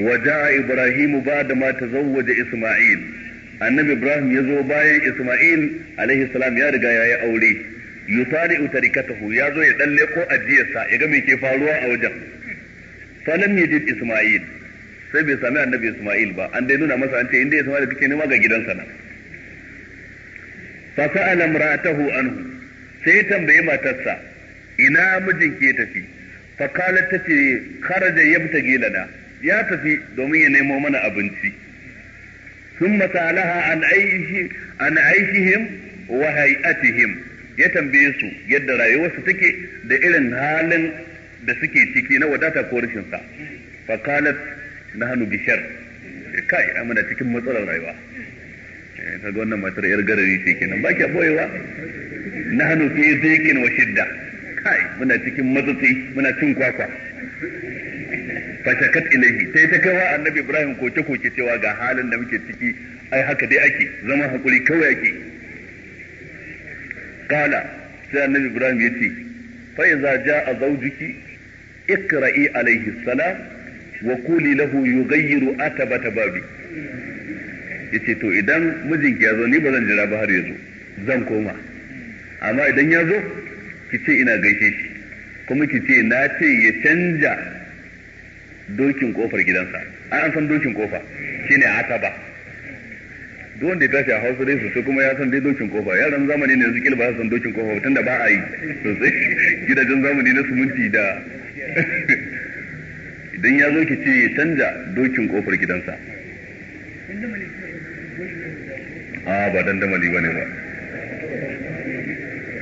wa ja'a ibrahim da ma tazawwaja isma'il annabi ibrahim ya zo bayan isma'il alaihi salam ya riga ya yi aure yusari'u tarikatahu ya zo ya dalle ko ajiyarsa ya ga me ke faruwa a wajen falam yajid isma'il sai bai sami annabi isma'il ba an dai nuna masa an ce inda isma'il kake nema ga gidansa nan fa sa'ala imra'atahu anhu sai tambaye matarsa ina mijin ke tafi fa kala tace kharaja yabtagi lana ya tafi domin ya nemo mana abinci Sun سألها عن an aishihim wa وهيئتهم ya tambaye su yadda rayuwarsu take da irin halin da suke ciki na wadata ko rashin sa fa qalat nahnu bishar eh, kai ai cikin matsalar rayuwa ta eh, ga wannan matar yar garari ce kenan ba kya boyewa nahnu fi dhiqin wa shidda kai muna cikin matsatsi muna cin kwakwa fashakat ilaihi sai ta wa annabi ibrahim koke koke cewa ga halin da muke ciki ai haka dai ake zama hakuri kawai ake kala sai annabi ibrahim ya ce fa iza jaa zawjuki ikra'i alayhi salam wa quli lahu yughayyiru atabata babi yace to idan mijinki ya zo ni ba zan jira ba har ya zo zan koma amma idan ya zo ki ce ina gaishe shi kuma ki ce na ce ya canja dokin kofar gidansa an san dokin kofa shine ataba duk wanda ya tashi a hausa dai sosai kuma ya san dai dokin kofa yaran zamani ne yanzu ba su san dokin kofa ba tunda ba a yi sosai gidajen zamani na suminti da idan ya zo ki ce ya canja dokin kofar gidansa a ba dandamali ba ne ba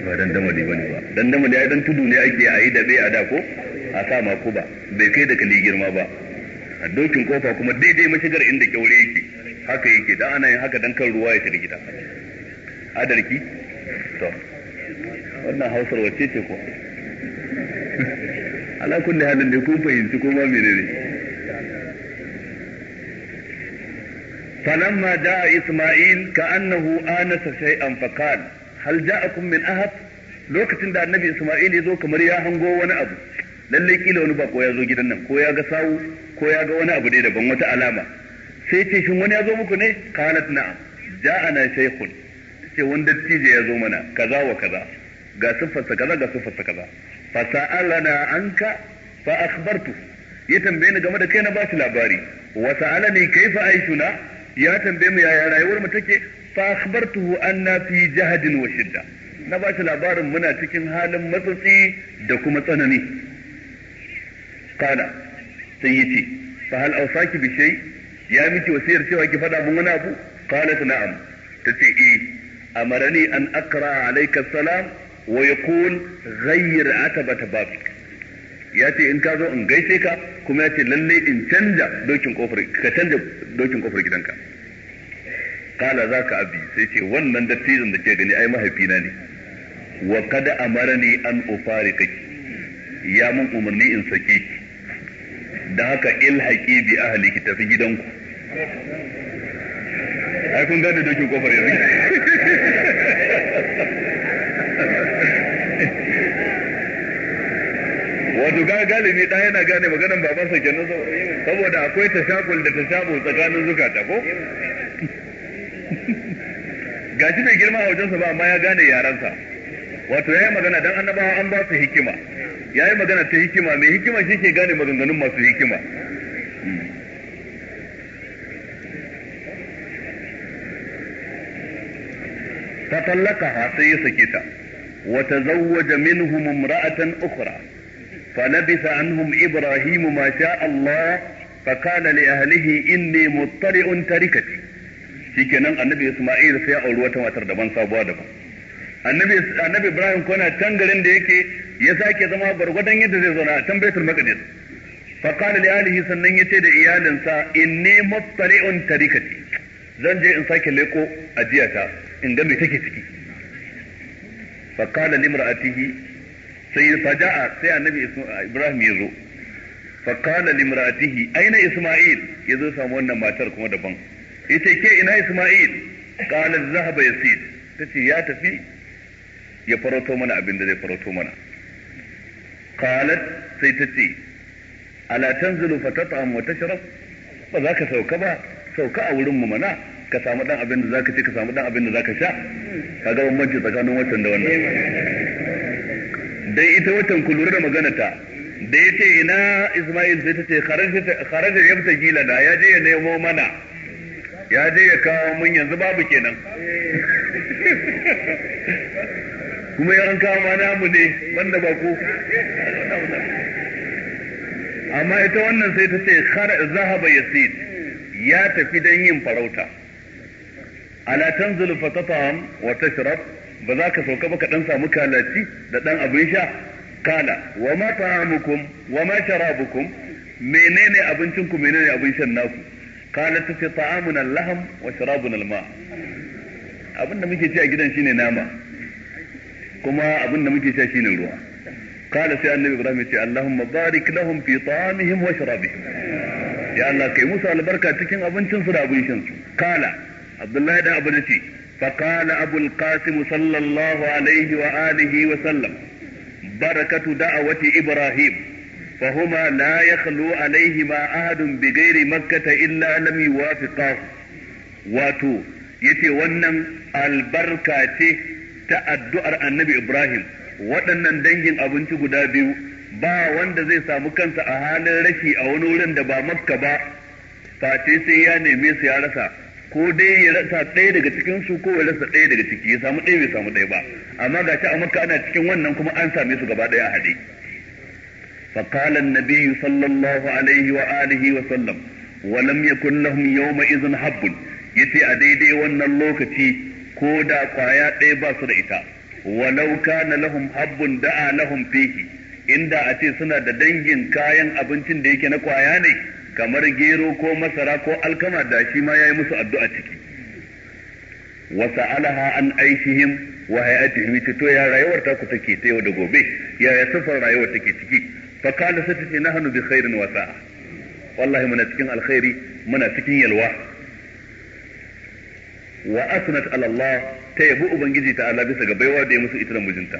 ba dandamali ba ne ba dandamali ya dan tudu ne ake a yi da bai a da ko a sa mako ba bai kai da kali girma ba a dokin kofa kuma daidai mashigar inda kyaure yake haka yake dan ana yin haka dan kan ruwa ya shiga gida adarki to wannan hausar wace ce ko ala kulli halin da kun fahimci kuma ko ma menene فلما جاء إسماعيل كأنه آنس شيئا فقال هل جاءكم من ahad lokacin da annabi Ismail ya zo kamar ya hango wani abu lallai kila wani bako ya zo gidan nan ko ya ga sawu ko ya ga wani abu dai daban wata alama sai ce shin wani ya zo muku ne qalat na'am ja'ana shaykhun ce wanda tije ya zo mana kaza wa kaza ga siffarsa kaza ga siffarsa kaza fa sa'alana anka fa akhbartu ya tambaye ni game da kai na ba shi labari wa sa'alani kaifa aishuna ya tambaye mu yaya rayuwar mu take fa akhbartuhu anna fi jahadin wa shidda na ba shi labarin muna cikin halin matsatsi da kuma tsanani kana sai yace fa hal awsaki bi shay ya miki wasiyar cewa ki fada mun wani abu qalat na'am tace eh amarani an aqra alayka salam wa yaqul ghayr atabata babik ya ce in ka zo in gaishe ka kuma ya ce lalle in canja dokin kofar ka canja dokin kofar gidanka kala za ka abi sai ce wannan dattijan da ke gani ai mahaifina ne wa kada amarani an ufari kake ya mun umarni in sake ki da haka ilhaki bi ahli ki tafi gidanku ai kun gane dokin kofar yanzu wato ga galibi da yana gane maganar babansa kenan saboda akwai tashakul da tashabu tsakanin zukata ko gashi bai girma a wajensa ba amma ya gane yaransa wato ya yi magana don annabawa an ba su hikima ya yi magana ta hikima mai hikima shi ke gane maganganun masu hikima ta hmm. tallaka sai ya sake ta wata zawaja min humum ra'atan ukura falabisa an hum ibrahimu ma sha Allah fakana li ahlihi inni mutari'un tarikati shi kenan annabi isma'il sai ya auri wata matar daban sabuwa daban annabi annabi Ibrahim ko na can garin da yake ya sake zama bargwadon yadda zai zauna a can Baitul Maqdis fa qala li alihi sannan yace da iyalinsa inni muttari'un tarikati zan je in sake leko ajiyata in ga me take ciki fa qala limra'atihi sai faja'a sai annabi Ibrahim ya zo fa qala limra'atihi aina Isma'il ya zo samu wannan matar kuma daban yace ke ina Isma'il qala zahaba yasid tace ya tafi ya faroto mana abin da zai faroto mana qalat sai ta ce ala tanzilu fa tat'am wa tashrab ba za ka sauka ba sauka a wurin mu mana ka samu dan abin da zaka ci ka samu dan abin da zaka sha kaga bambanci tsakanin watan da wannan dai ita watan ku lura da maganata da ya ce ina Ismail sai ta ce kharaja yabta gila da ya je ya nemo mana ya je ya kawo mun yanzu babu kenan kuma yawan kawo ma namu ne wanda ba ku amma ita wannan sai ta ce zahaba yasid ya tafi don yin farauta ala ta fatataham wa tashrab ba za ka sauka ba ka dan samu kalaci da dan abin sha kala wa ma ta'amukum wa ma sharabukum menene abincin ku menene abin shan naku kala ta ce ta'amuna laham wa sharabuna alma abin da muke ci a gidan shine nama kuma abin da muke sha shine ruwa kala sai annabi ibrahim ya ce allahumma barik lahum fi ta'amihim wa sharabihim ya allah kai musu albarka cikin abincin su da abin shan su kala abdullahi da abu nace fa kala abul qasim sallallahu alaihi wa alihi wa sallam barakatu da'awati ibrahim فهما لا يخلو عليهما أحد بغير مكة إلا لم يوافقاه واتو yace wannan albarka ce ta addu'ar annabi Ibrahim waɗannan dangin abinci guda biyu ba wanda zai samu kansa a halin rashi a wani wurin da ba makka ba fate sai ya neme su ya rasa ko dai ya rasa ɗaya daga cikin su ko ya rasa ɗaya daga ciki ya samu ɗaya bai samu ɗaya ba amma ga a makka ana cikin wannan kuma an same su gaba ɗaya a haɗe فقال النبي صلى الله عليه وآله وسلم ولم يكن لهم يومئذ حب يتي أديدي وأن lokaci. ko da kwaya ɗaya ba su da ita walau kana lahum habbun da'a lahum fihi inda a ce suna da dangin kayan abincin da yake na kwaya ne kamar gero ko masara ko alkama da shi ma yayi musu addu'a ciki wa sa'alaha an aishihim wa hayatihim to ya rayuwar ta ku take ta yau da gobe ya ya safar rayuwar take ciki fa kana sai ta ce nahnu bi khairin wa sa'a wallahi muna cikin alkhairi muna cikin yalwa wa asnat ala Allah ta yabi ubangiji ta Allah bisa ga baiwa da ya musu ita da mijinta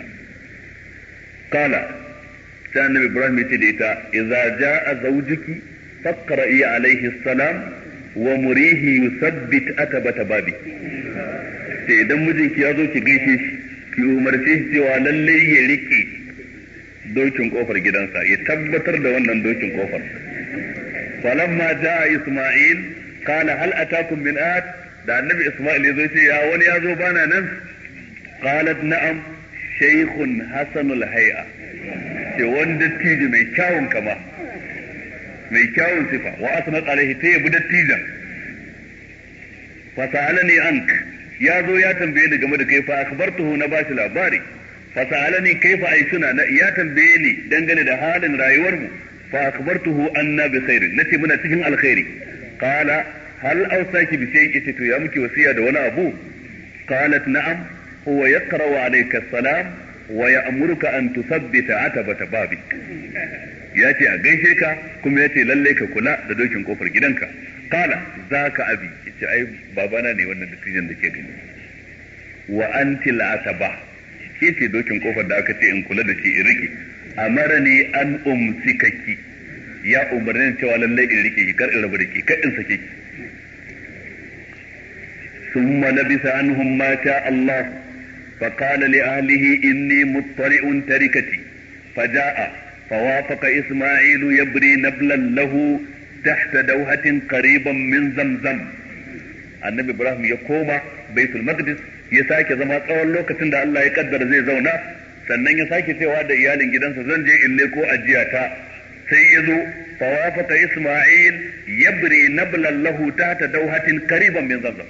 Kala. sai annabi Ibrahim yace da ita idza jaa zawjuki faqra'i alayhi salam wa murihi yuthabbit atabata babi sai idan mijinki ya zo ki gaishe shi ki umarce shi cewa lalle ya rike dokin kofar gidansa ya tabbatar da wannan dokin kofar falamma jaa isma'il qala hal atakum min at da annabi Isma'il ya zo ce ya wani ya zo bana nan qalat na'am shaykhun hasanul hay'a ce wani dattijo mai kyawun kama mai kyawun sifa wa asnat alaihi ta yabi dattijan fa sa'alani ank ya zo ya tambaye ni game da kai fa akhbartuhu na bashi labari fa sa'alani kaifa aishuna ya tambaye ni dangane da halin rayuwar mu fa akhbartuhu anna bi khairin nace muna cikin alkhairi qala hal ausaki bi shay'in ita to ya miki wasiya da wani abu qalat na'am huwa yaqra'u alayka salam wa ya'muruka an tuthabbita atabata babik yace a gaishe ka kuma yace lalle ka kula da dokin kofar gidanka qala zaka abi yace ai babana ne wannan da ke gani wa anti al'ataba yace dokin kofar da aka ce in kula da shi in rike amarani an umsikaki ya umarni cewa lalle in rike ki kar in rabu da ki kar in sake ki ثم لبث عنهم ما شاء الله فقال لأهله إني مضطرئ تركتي فجاء فوافق إسماعيل يبري نبلا له تحت دوهة قريبا من زمزم annabi Ibrahim ya koma baitul ya sake zama tsawon lokacin da Allah ya kaddara zai zauna sannan ya sake cewa da iyalin gidansa zan je in leko ajiya ta sai ya zo fawafata Isma'il yabri nablan lahu tahta dawhatin qariban min zamzam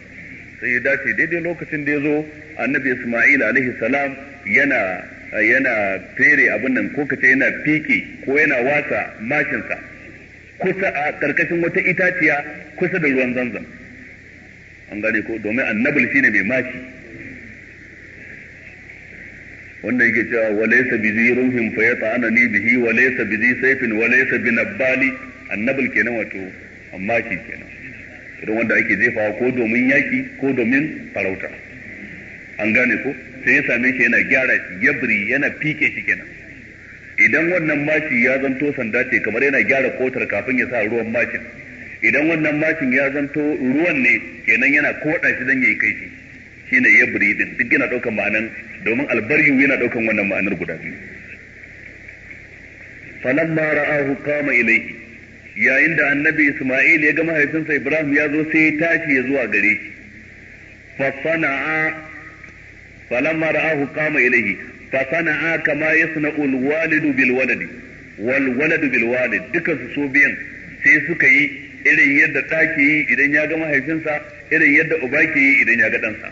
sai ya dace daidai lokacin da ya zo annabi Ismail alaihi salam yana yana fere abin nan ko kace yana fike ko yana wasa mashinsa kusa a karkashin wata itaciya kusa da ruwan zanzan an gane ko domin annabul shine mai mashi wannan yake cewa walaysa bizi rumhin fa yata'ana ni bihi walaysa bi sayfin walaysa nabali annabul kenan wato amma kenan Idan wanda ake jefawa ko domin yaki ko domin farauta an gane ko sai ya same shi yana gyara shi yana fike shi kenan idan wannan mashi ya zanto sanda ce kamar yana gyara kotar kafin ya sa ruwan mashin idan wannan mashin ya zanto ruwan ne kenan yana koda shi dan yayi kaifi shi shine yabri din duk yana daukan ma'anan domin albaryu yana daukan wannan ma'anar guda biyu falamma ra'ahu qama ilayhi yayin da annabi Ismail ya ga mahaifinsa Ibrahim ya zo sai ya tashi ya zuwa gare shi sana'a falamma ra'ahu qama ilayhi fasana'a kama yasna'u alwalidu bil waladi wal waladu bil walid duka su so biyan sai suka yi irin yadda ɗa ke yi idan ya ga mahaifinsa irin yadda uba ke yi idan ya ga ɗansa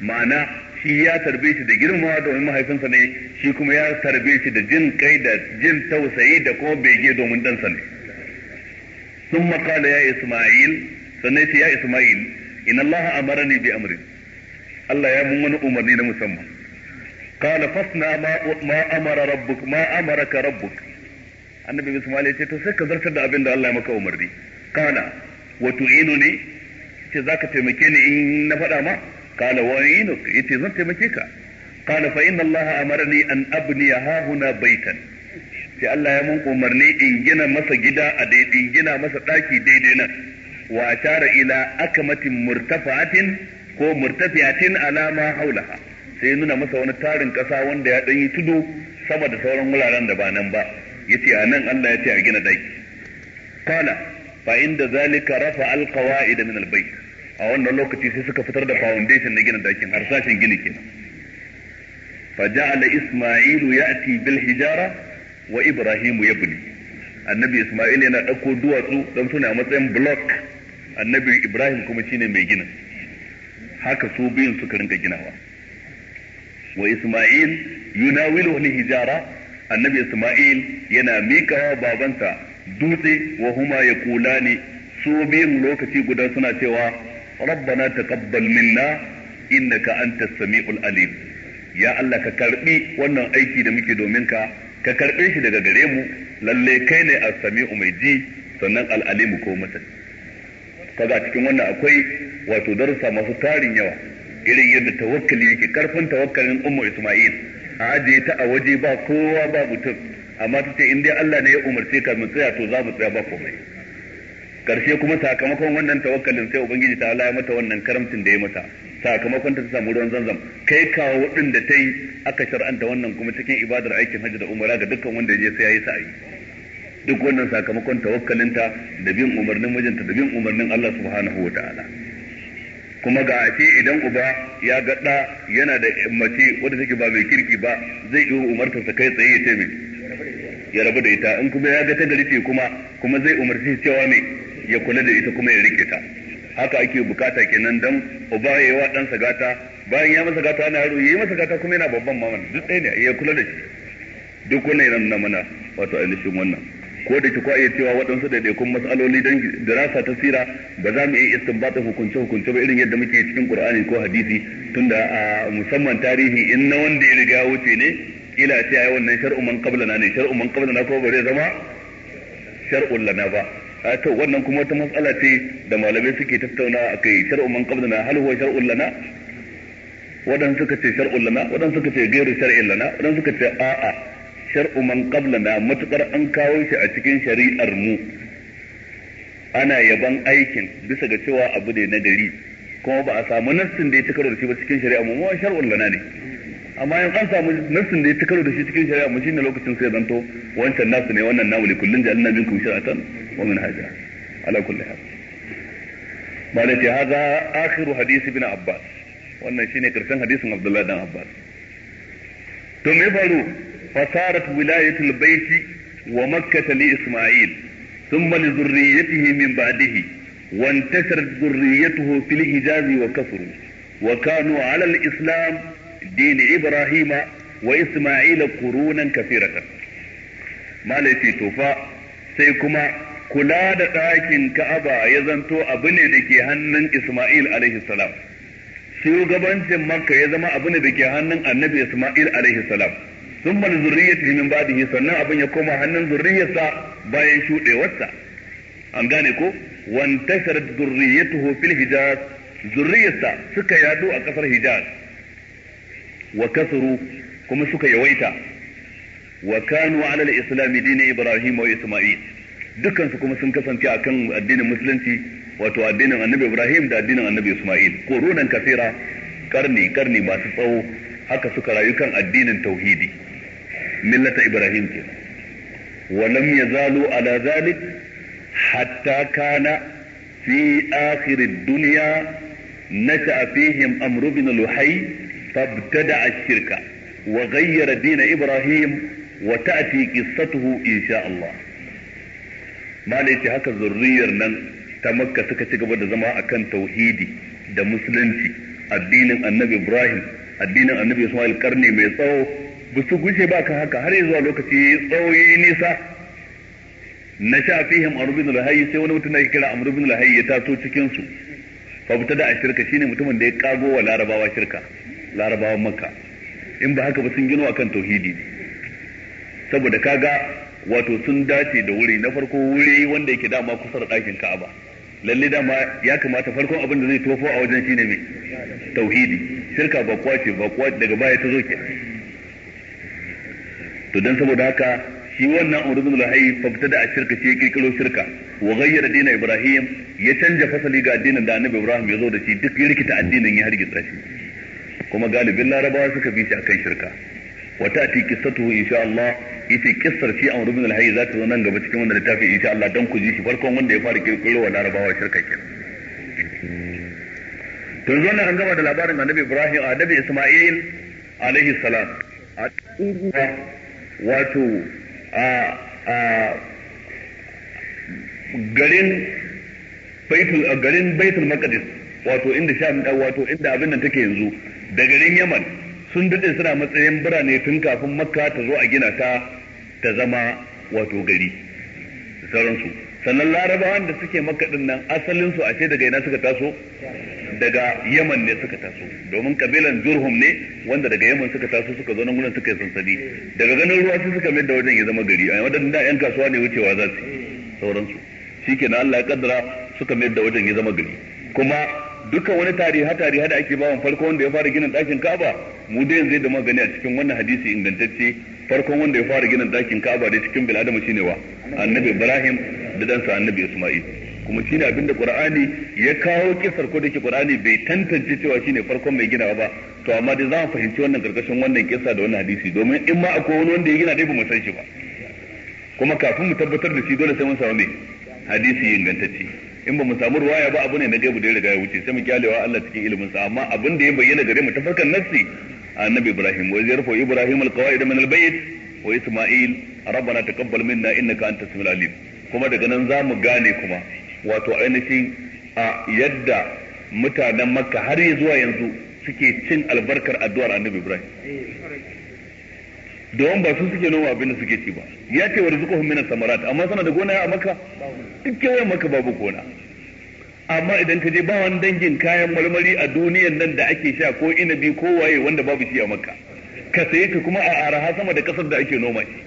ma'ana shi ya tarbe shi da girmawa domin mahaifinsa ne shi kuma ya tarbe shi da jin kai da jin tausayi da kuma bege domin ɗansa ne ثم قال يا إسماعيل سنيت يا إسماعيل إن الله أمرني بأمر الله يا من أمرني مسمى قال فاصنع ما ما أمر ربك ما أمرك ربك النبي إسماعيل يقول تو سيك زرت da abin da Allah ya maka umarni kana wa tu'inuni ce zaka taimake ni in na faɗa ma قال وعينك يتي زنت مكيكا قال فإن الله أمرني أن أبني ها هنا بيتا sai Allah ya mun umarni in gina masa gida a daidai in gina masa daki daidai nan wa tara ila akamatin murtafatin ko murtafiyatin alama haulaha sai nuna masa wani tarin kasa wanda ya dan tudu sama da sauran wuraren da ba nan ba yace a nan Allah ya ce a gina daki kana fa inda zalika rafa alqawaid min albayt a wannan lokaci sai suka fitar da foundation na gina dakin harsashin gini kenan isma'ilu ya'ti bil hijara wa ibrahimu yabni annabi isma'il yana ɗauko duwatsu don suna matsayin block annabi ibrahim kuma shine mai gina haka su biyun suka rinka ginawa wa isma'il yunawilu wani hijara annabi isma'il yana mikawa babansa dutse wa huma ne su biyun lokaci guda suna cewa rabbana taqabbal minna innaka anta samiul alim ya Allah ka karbi wannan aiki da muke domin ka ka karɓe shi daga gare mu lalle kai ne a sami mai sannan al'alimu ko masani kaga cikin wannan akwai wato darussa masu tarin yawa irin yadda tawakkali yake karfin tawakkalin ummu isma'il a ajiye ta a waje ba kowa ba mutum amma ta ce in dai Allah ne ya umarci ka mu tsaya to za mu tsaya ba komai karshe kuma sakamakon wannan tawakkalin sai ubangiji ta Allah ya mata wannan karamcin da ya mata sakamakon ta samu ruwan zanzam kai kawo din da ta yi aka shar'anta wannan kuma cikin ibadar aikin hajji da umara ga dukkan wanda ya je sai ya sa ayi duk wannan sakamakon tawakkalinta da bin umarnin mijinta da bin umarnin Allah subhanahu wa ta'ala kuma ga ashe idan uba ya ga da yana da mace wadda take ba mai kirki ba zai iya sa kai tsaye ya mai ya rabu da ita in kuma ya ga ta gari ce kuma kuma zai umarci cewa ne ya kula da ita kuma ya rike ta haka ake bukata kenan dan uba ya yi wa ɗansa gata bayan ya masa gata ana yaro ya yi masa gata kuma yana babban maman duk ɗaya ne ya kula da shi duk wannan yana nuna mana wato ainihin wannan ko da kwa iya cewa waɗansu kun masaloli don dirasa ta sira ba za mu iya istinbata hukunce hukunce ba irin yadda muke cikin qur'ani ko hadisi tunda a musamman tarihi in na wanda ya riga wuce ne kila ce ai wannan shar'u man qablana ne shar'u man qablana ko ba zai zama shar'u lana ba a to wannan kuma wata matsala ce da malamai suke tattauna a kai shar'u man qablana hal huwa shar'un lana wadan suka ce shar'un lana wadan suka ce gairu shar'in lana wadan suka ce a'a shar'u man qablana matukar an kawo shi a cikin shari'ar mu ana yaban aikin bisa ga cewa abu ne na gari kuma ba a samu nassin da ya ci da shi ba cikin shari'a mu ma shar'un lana ne amma in an samu nassin da ya ci karo da shi cikin shari'a mu shine lokacin sai zanto wancan nasu ne wannan namu ne kullun ja'alna minkum shir'atan wa min haja ala kulli hal malaka hadha akhiru hadisi bin abbas wannan shine karshen hadisin abdullahi dan abbas to me faru fasarat wilayatul baiti wa makkah li isma'il thumma li dhurriyyatihi min ba'dihi وانتشرت ذريته في الحجاز وكفروا وكانوا على الإسلام dini ibrahima wa isma'ila qurunan kafiratan malafi tofa sai kuma kula da ɗakin ka'aba ya zanto abu ne da ke hannun isma'il alaihi salam shugabancin makka ya zama abu ne da ke hannun annabi isma'il alaihi salam sun mal zurriyatihi min ba'dihi sannan abin ya koma hannun zurriyarsa bayan shuɗewarsa an gane ko wantasharat zurriyatuhu fil hijaz zurriyarsa suka yadu a ƙasar hijaz wa kasuru kuma suka yawaita wa kanu ala al-islam dini ibrahim wa isma'il dukkan su kuma sun kasance akan addinin musulunci wato addinin annabi ibrahim da addinin annabi isma'il qurunan kasira karni karni masu tsawo haka suka rayu kan addinin tauhidi millata ibrahim ke wa lam yazalu ala hatta kana fi duniya ad-dunya nasha'a fihim amru bin luhay فابتدع الشرك وغير دين إبراهيم وتأتي قصته إن شاء الله ما ليس هكا ذرية نن تمكة سكتك بعد زمان أكن توحيدي da musulunci addinin annabi Ibrahim addinin annabi Ismail karni mai tsawo ba su gushe haka har zuwa lokaci tsawoyi nisa na sha fihim Amr bin Lahayi sai wani mutum da kira Amr bin Lahayi ya taso cikin su fa da a shine mutumin da ya kago wa larabawa shirka larabawan makka in ba haka ba sun gino akan tauhidi saboda kaga wato sun dace da wuri na farko wuri wanda yake dama kusa da dakin ka'aba lalle dama ya kamata farkon abin da zai tofo a wajen shine mai tauhidi shirka ba kwace ba daga baya ta zo ke to dan saboda haka shi wannan Umar ibn fafta da a shirka shi ya kirkiro shirka wa gayyara dina Ibrahim ya canja fasali ga addinin da Annabi Ibrahim ya zo da shi duk ya rikita addinin ya hargitsa shi kuma galibin larabawa suka bi shi akan shirka wata ati qissatuhu insha Allah ita kissar fi amr ibn al-hayy za ta zo nan gaba cikin wannan littafin insha Allah dan ku ji shi farkon wanda ya fara kirkiro wa larabawa shirka kenan tun zo an gama da labarin annabi Ibrahim annabi Isma'il alaihi salam wato a a garin baitul garin baitul maqdis wato inda sham wato inda abin nan take yanzu da garin yaman sun daɗe suna matsayin birane tun kafin makka ta zo a gina ta ta zama wato gari sauransu sannan larabawan da suke makka din nan asalinsu a ce daga ina suka taso daga yaman ne suka taso domin kabilan jurhum ne wanda daga yaman suka taso suka zo nan gudan suka yi sansani daga ganin ruwa su suka mai da wajen ya zama gari a wadannan da yan kasuwa ne wucewa za su sauransu shikenan Allah ya kaddara suka mai da wajen ya zama gari kuma dukkan wani tariha tarihi da ake bawan farko wanda ya fara ginin ɗakin Ka'aba mu dai yanzu da magani a cikin wannan hadisi ingantacce farkon wanda ya fara ginin ɗakin Ka'aba da cikin bil adama shine wa annabi Ibrahim da dansa annabi Isma'il kuma shine abin da Qur'ani ya kawo kisar ko da ke Qur'ani bai tantance cewa shine farkon mai ginawa ba to amma dai za mu fahimci wannan karkashin wannan kisa da wannan hadisi domin in ma akwai wani wanda ya gina dai ba mu san shi ba kuma kafin mu tabbatar da shi dole sai mun samu mai hadisi ingantacce in ba mu samu ruwaya ba abu ne na gaibu da ya riga ya wuce sai mu kyalewa Allah cikin ilimin sa amma abin da ya bayyana gare mu ta farkan nassi annabi Ibrahim wa yarfa Ibrahim alqawaid min albayt wa Isma'il rabbana taqabbal minna innaka antas samiul alim kuma daga nan za mu gane kuma wato ainihin a yadda mutanen Makka har zuwa yanzu suke cin albarkar addu'ar annabi Ibrahim don ba su suke noma abin da suke ci ba ya ce wa rizquhum min samarat amma suna da gona a maka duk kewayen maka babu gona amma idan ka je ba wani dangin kayan marmari a duniyan nan da ake sha ko inabi ko waye wanda babu shi a maka ka saye ka kuma a araha sama da kasar da ake noma shi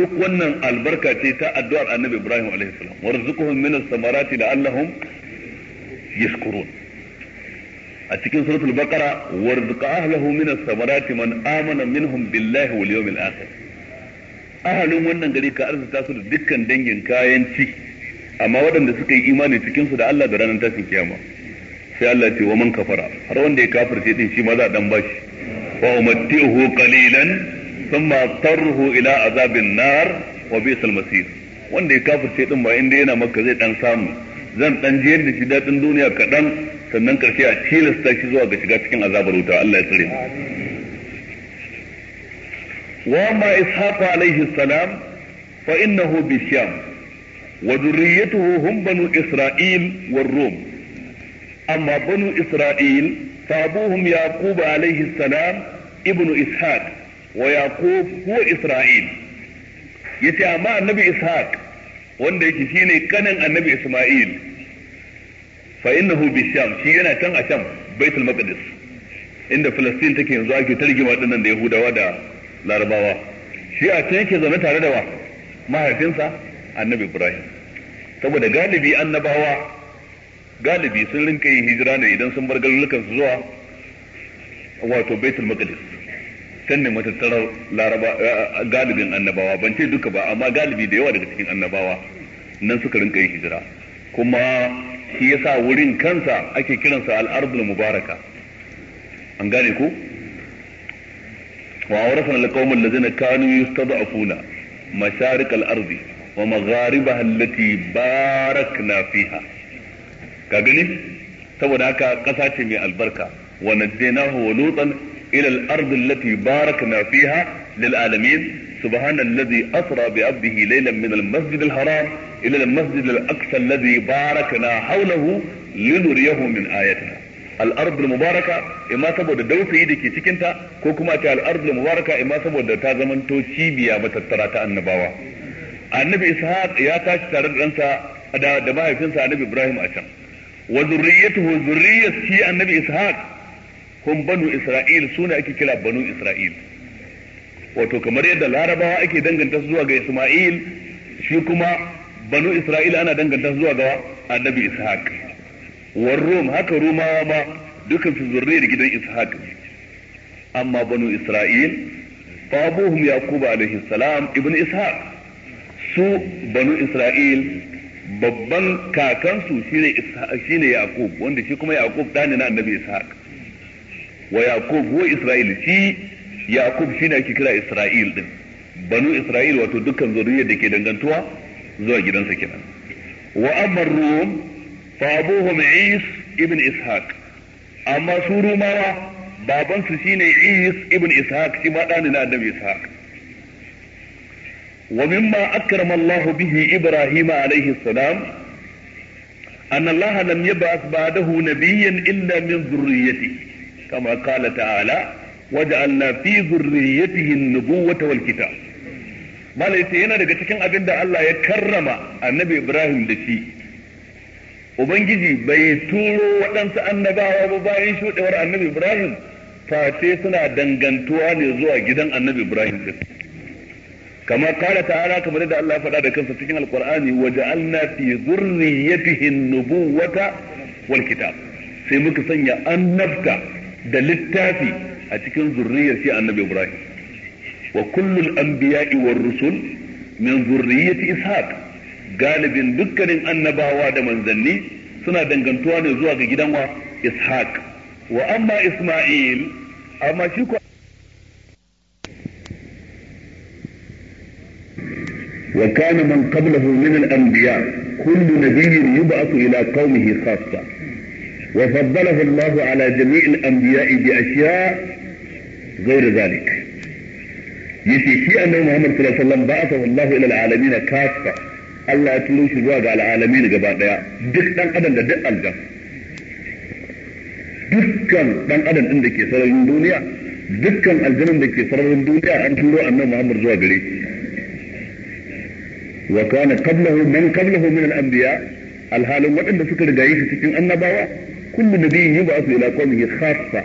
duk wannan albarka ce ta addu'ar annabi ibrahim alaihi salam warzuquhum min as-samarati la'allahum yashkurun a cikin suratul baqara warzuqa ahlahu min as-samarati man amana minhum billahi wal yawmil akhir ahalin wannan gari ka arzuta su da dukkan dangin kayan ci amma waɗanda suka yi imani cikin su da Allah da ranar tashin kiyama sai Allah ce wa man kafara har wanda ya kafirce din shi ma za a dan bashi wa umattihu qalilan thumma tarhu ila azabin nar wa bisal masir wanda ya kafirce din ba inda yana maka zai dan samu zan dan jiyar da shi daɗin duniya kaɗan sannan karshe a tilasta shi zuwa ga shiga cikin azabar wuta Allah ya tsare mu wa ma ishaqa alaihi salam fa innahu bi sham wa dhurriyyatuhu hum banu isra'il war rum amma banu isra'il fa abuhum yaqub alaihi salam ibnu ishaq wa yaqub huwa isra'il yace amma annabi ishaq wanda yake shi ne kanin annabi Isma'il fa innahu bi sham shi yana can a sham baitul maqdis inda Falastin take yanzu ake tarjima dinnan da Yahudawa da Larabawa shi a can yake zaune tare da wa mahaifinsa annabi Ibrahim saboda galibi annabawa galibi sun rinka yin hijira ne idan sun bar garurukan zuwa wato baitul maqdis can ne matattarar laraba eh, eh, galibin annabawa ban ce duka ba amma galibi da yawa daga cikin annabawa nan suka rinka yin hijira kuma shi yasa wurin kansa ake kiransa al-ardul mubaraka an gane ku. wa awrasna al-qaum allazina kanu yustad'afuna masharik al-ardi wa magharibaha allati barakna fiha ka gani saboda haka kasa ce mai albarka wa najjaynahu wa lutan إلى الأرض التي باركنا فيها للعالمين سبحان الذي أسرى بعبده ليلا من المسجد الحرام إلى المسجد الأقصى الذي باركنا حوله لنريه من آياتنا الأرض المباركة إما سبب دوسي دكي تكنتا كوكما الأرض المباركة إما سبب تازمن توشيبيا متتراتا النباوة annabi ishaq ya tashi tare da ɗansa da mahaifinsa annabi ibrahim a can wa zurriyatuhu zurriyat shi annabi ishaq kun banu isra'il su ne ake kira banu isra'il wato kamar yadda larabawa ake danganta su zuwa ga isma'il shi kuma banu isra'il ana danganta su zuwa ga annabi ishaq war rum haka rumawa ma dukan su zurriyar gidan ishaq amma banu isra'il babuhum yaqub alaihi salam ibnu ishaq su banu isra'il babban kakansu shine shine yaqub wanda shi kuma yaqub dani na annabi ishaq wa yaqub wa isra'il shi yaqub shine ake kira isra'il din banu isra'il wato dukkan zuriyar da ke dangantuwa zuwa gidansa kenan wa amma rum fa abuhum is ibn ishaq amma su rumawa su shine is ibn ishaq shi ma dani na annabi ishaq wa mimma akrama Allah bihi ibrahim alayhi salam an Allah lam yab'ath ba'dahu nabiyyan illa min dhurriyyatihi كما قال تعالى وجعلنا في ذريته النبوة والكتاب mala yace yana daga cikin abin da Allah ya karrama annabi Ibrahim da shi ubangiji bai turo waɗansu annabawa ba bayan shuɗewar annabi Ibrahim face suna dangantuwa ne zuwa gidan annabi Ibrahim din kama kala ta'ala kamar da Allah faɗa da kansa cikin alqur'ani wa ja'alna fi dhurriyyatihi an-nubuwata wal kitab sai muka sanya annabta da littafi a cikin zurriyar shi annabi Ibrahim wa kullul anbiya'i war rusul min zurriyyati ishaq galibin dukkanin annabawa da manzanni suna dangantuwa ne zuwa ga gidan wa ishaq wa amma isma'il amma shi ko man qablahu min al الأنبياء kullu nabiyyin yub'athu ila قومه khassa وفضله الله على جميع الانبياء باشياء غير ذلك. يسي في ان محمد صلى الله عليه وسلم بعثه الله الى العالمين كافه. الله يتلو شي على العالمين غبا ديا دك دان ادم ده دك الجن دكان دان ادم دين دكي سرين دنيا دكان الجن دكي سرين دنيا ان تلو ان محمد زوا غري وكان قبله من قبله من الانبياء الحال ما ان سكر غاي في سكن النبوه kullu nabiyyin yub'athu ila qaumihi khassa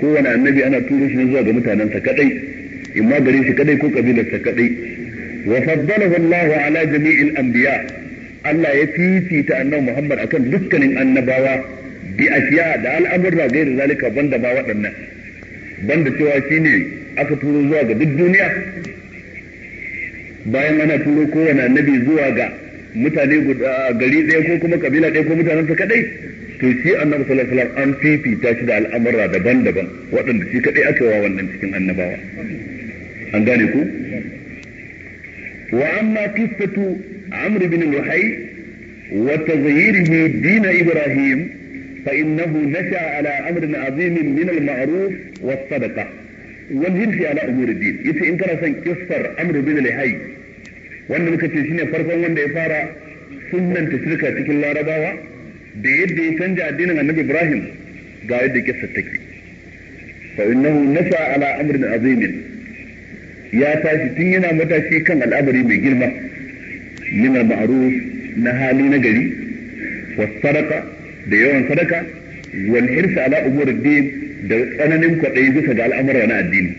kowane annabi ana turo shi zuwa ga mutanensa kadai imma gare shi kadai ko kabilarsa kadai wa faddalahu Allahu ala jami'il anbiya Allah ya fifita annabi Muhammad akan dukkanin annabawa bi ashiya da al'amurra gairi zalika banda ba waɗannan banda cewa shine aka turo zuwa ga duk duniya bayan ana turo kowane annabi zuwa ga mutane gari ɗaya ko kuma kabila ɗaya ko mutanensa kadai to shi annabi sallallahu alaihi wasallam an fifita shi da al'amura daban-daban waɗanda shi kadai aka wa wannan cikin annabawa an gane ku wa amma qissatu amr ibn luhay wa taghyirihi din ibrahim fa innahu nasha ala amrin azim min al-ma'ruf wa sadaqa wal hinsi ala umur ad-din yace in kana son kissar amr ibn luhay wanda muka ce shine farkon wanda ya fara sunnan shirka cikin larabawa da yadda ya canja addinin annabi Ibrahim ga yadda kissa take fa innahu nafa ala amrin azim ya tashi tun yana matashi kan al'amari mai girma min al-ma'ruf na hali na gari wa sadaka da yawan sadaka wal hirsa ala umur din da tsananin kwaɗayi bisa ga al'amura na addini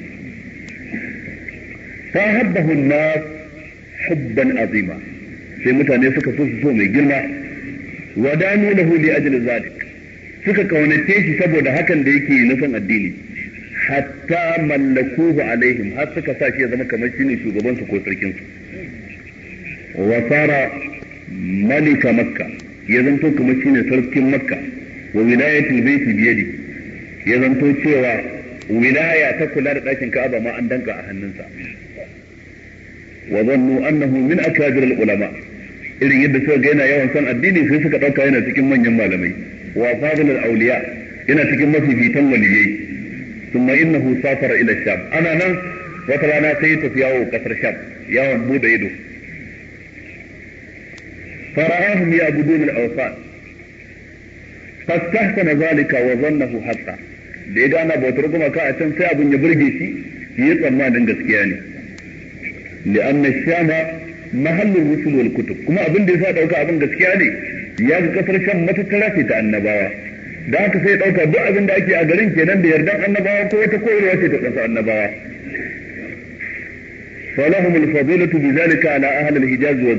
fa habbahu an-nas hubban azima sai mutane suka so su so mai girma wa danu lahu li ajli zalik suka kaunace shi saboda hakan da yake na son addini hatta mallakuhu alaihim har suka sa shi ya zama kamar shine shugaban su ko sarkin su wa sara malika makka ya zanto kamar shine sarkin makka wa wilayatul bi yadi ya zanto cewa wilaya ta kula da dakin ka'aba ma an danka a hannunsa wa zannu annahu min akabir al ulama' irin yadda suka ga yana yawan son addini sai suka dauka yana cikin manyan malamai wa fadilul awliya yana cikin mafifitan waliyai thumma innahu safara ila sham ana nan wata rana sai tafi yawo kasar sham yawon bude ido al يعبدون الأوثان zalika wa zannahu hatta da ya gana bautar gumaka a can sai abin ya burge shi yi tsammanin gaskiya ne li'anna shama mahallin rusul kutub kuma abin da ya sa dauka abin gaskiya ne ya ga kasar shan matattara ce ta annabawa da haka sai dauka duk abin da ake a garin kenan da yardan annabawa ko wata koyarwa ce ta kasar annabawa falahum al fadilatu bizalika ala ahli al hijaz wa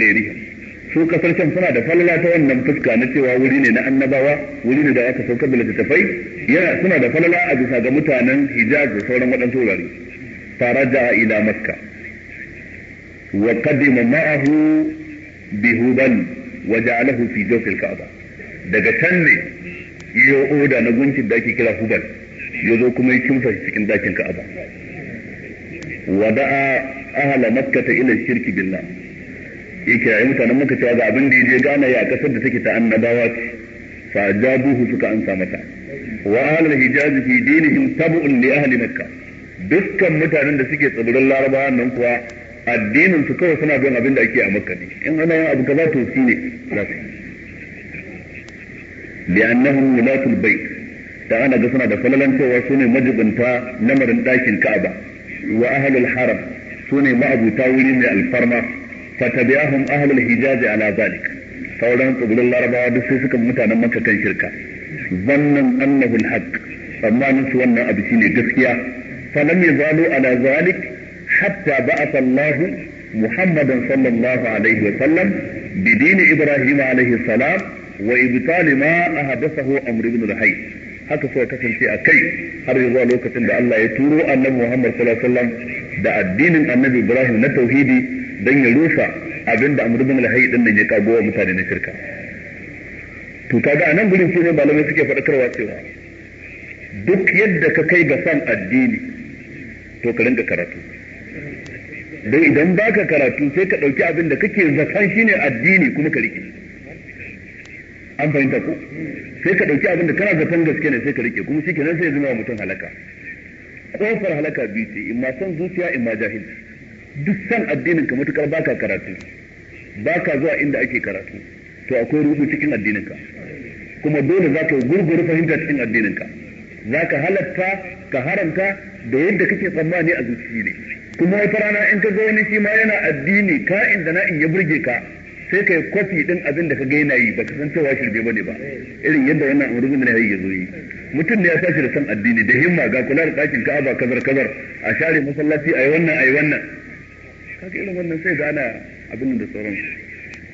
su kasar shan suna da falala ta wannan fuska na cewa wuri ne na annabawa wuri ne da aka saukar da tafai yana suna da falala a bisa ga mutanen hijaz da sauran waɗansu wurare faraja ila makkah وقدم معه بهبل وجعله في جوف الكعبة daga can ne yi oda na gunkin daki kira hubal ya zo kuma ya kimfa cikin dakin ka'aba wada'a ahala makka ta ila shirki billah ya kirayi mutanen maka cewa ga abin da ya gana ya kasar da take ta annabawa ce fa jabuhu suka ansa mata wa ahlul hijaz fi dinihim tab'un li ahli makka dukkan mutanen da suke tsibirin larabawa nan kuwa addinin su kawai suna bin abin da ake a makka ne in ana yin abu kaza to shi ne za su li'annahum wulatul bai da ana ga suna da falalan cewa su ne majibinta lamarin ɗakin ka'aba wa ahlul haram su ne ma'abuta wuri mai alfarma fatabi'ahum ahlul hijazi ala zalik sauran tsibirin larabawa duk sai suka mutanen makka kan shirka zannan annahul haq tsammanin su wannan abu shine gaskiya falam yazalu ala zalik حتى بعث الله محمدا صلى الله عليه وسلم بدين إبراهيم عليه السلام وإبطال ما أحدثه أمر بن لحي haka suka kasance a kai har zuwa lokacin da Allah ya turo annabi Muhammad sallallahu alaihi wasallam da addinin annabi Ibrahim na tauhidi dan ya rusa abinda Amr ibn al din nan ya kago wa mutane na shirka to kaga anan gurin sai ne malamai suke faɗakarwa cewa duk yadda ka kai ga san addini to ka rinka karatu Dai idan baka karatu sai ka ɗauki abin da kake zaton shine addini kuma ka rike an fahimta ko sai ka ɗauki abin da kana zaton gaske ne sai ka rike kuma shi kenan sai ya zama mutum halaka kofar halaka biyu ce in ma san zuciya in ma jahil duk san addinin ka matukar baka karatu baka zuwa inda ake karatu to akwai ruhu cikin addinin ka kuma dole za ka gurguru fahimta cikin addinin ka za ka halatta ka haramta da yadda kake tsammani a zuciya ne kuma wata rana in ka ga wani shi ma yana addini ka inda na in ya burge ka sai kai kwafi din abin da ka ga yana yi ba ka san cewa shirbe bane ba irin yadda wannan amru bin nahi ya zo yi mutum ne ya tashi da san addini da himma ga kula da ɗakin ka'aba kazar kazar a share masallaci ayi wannan ayi wannan ga irin wannan sai ga ana abin da sauran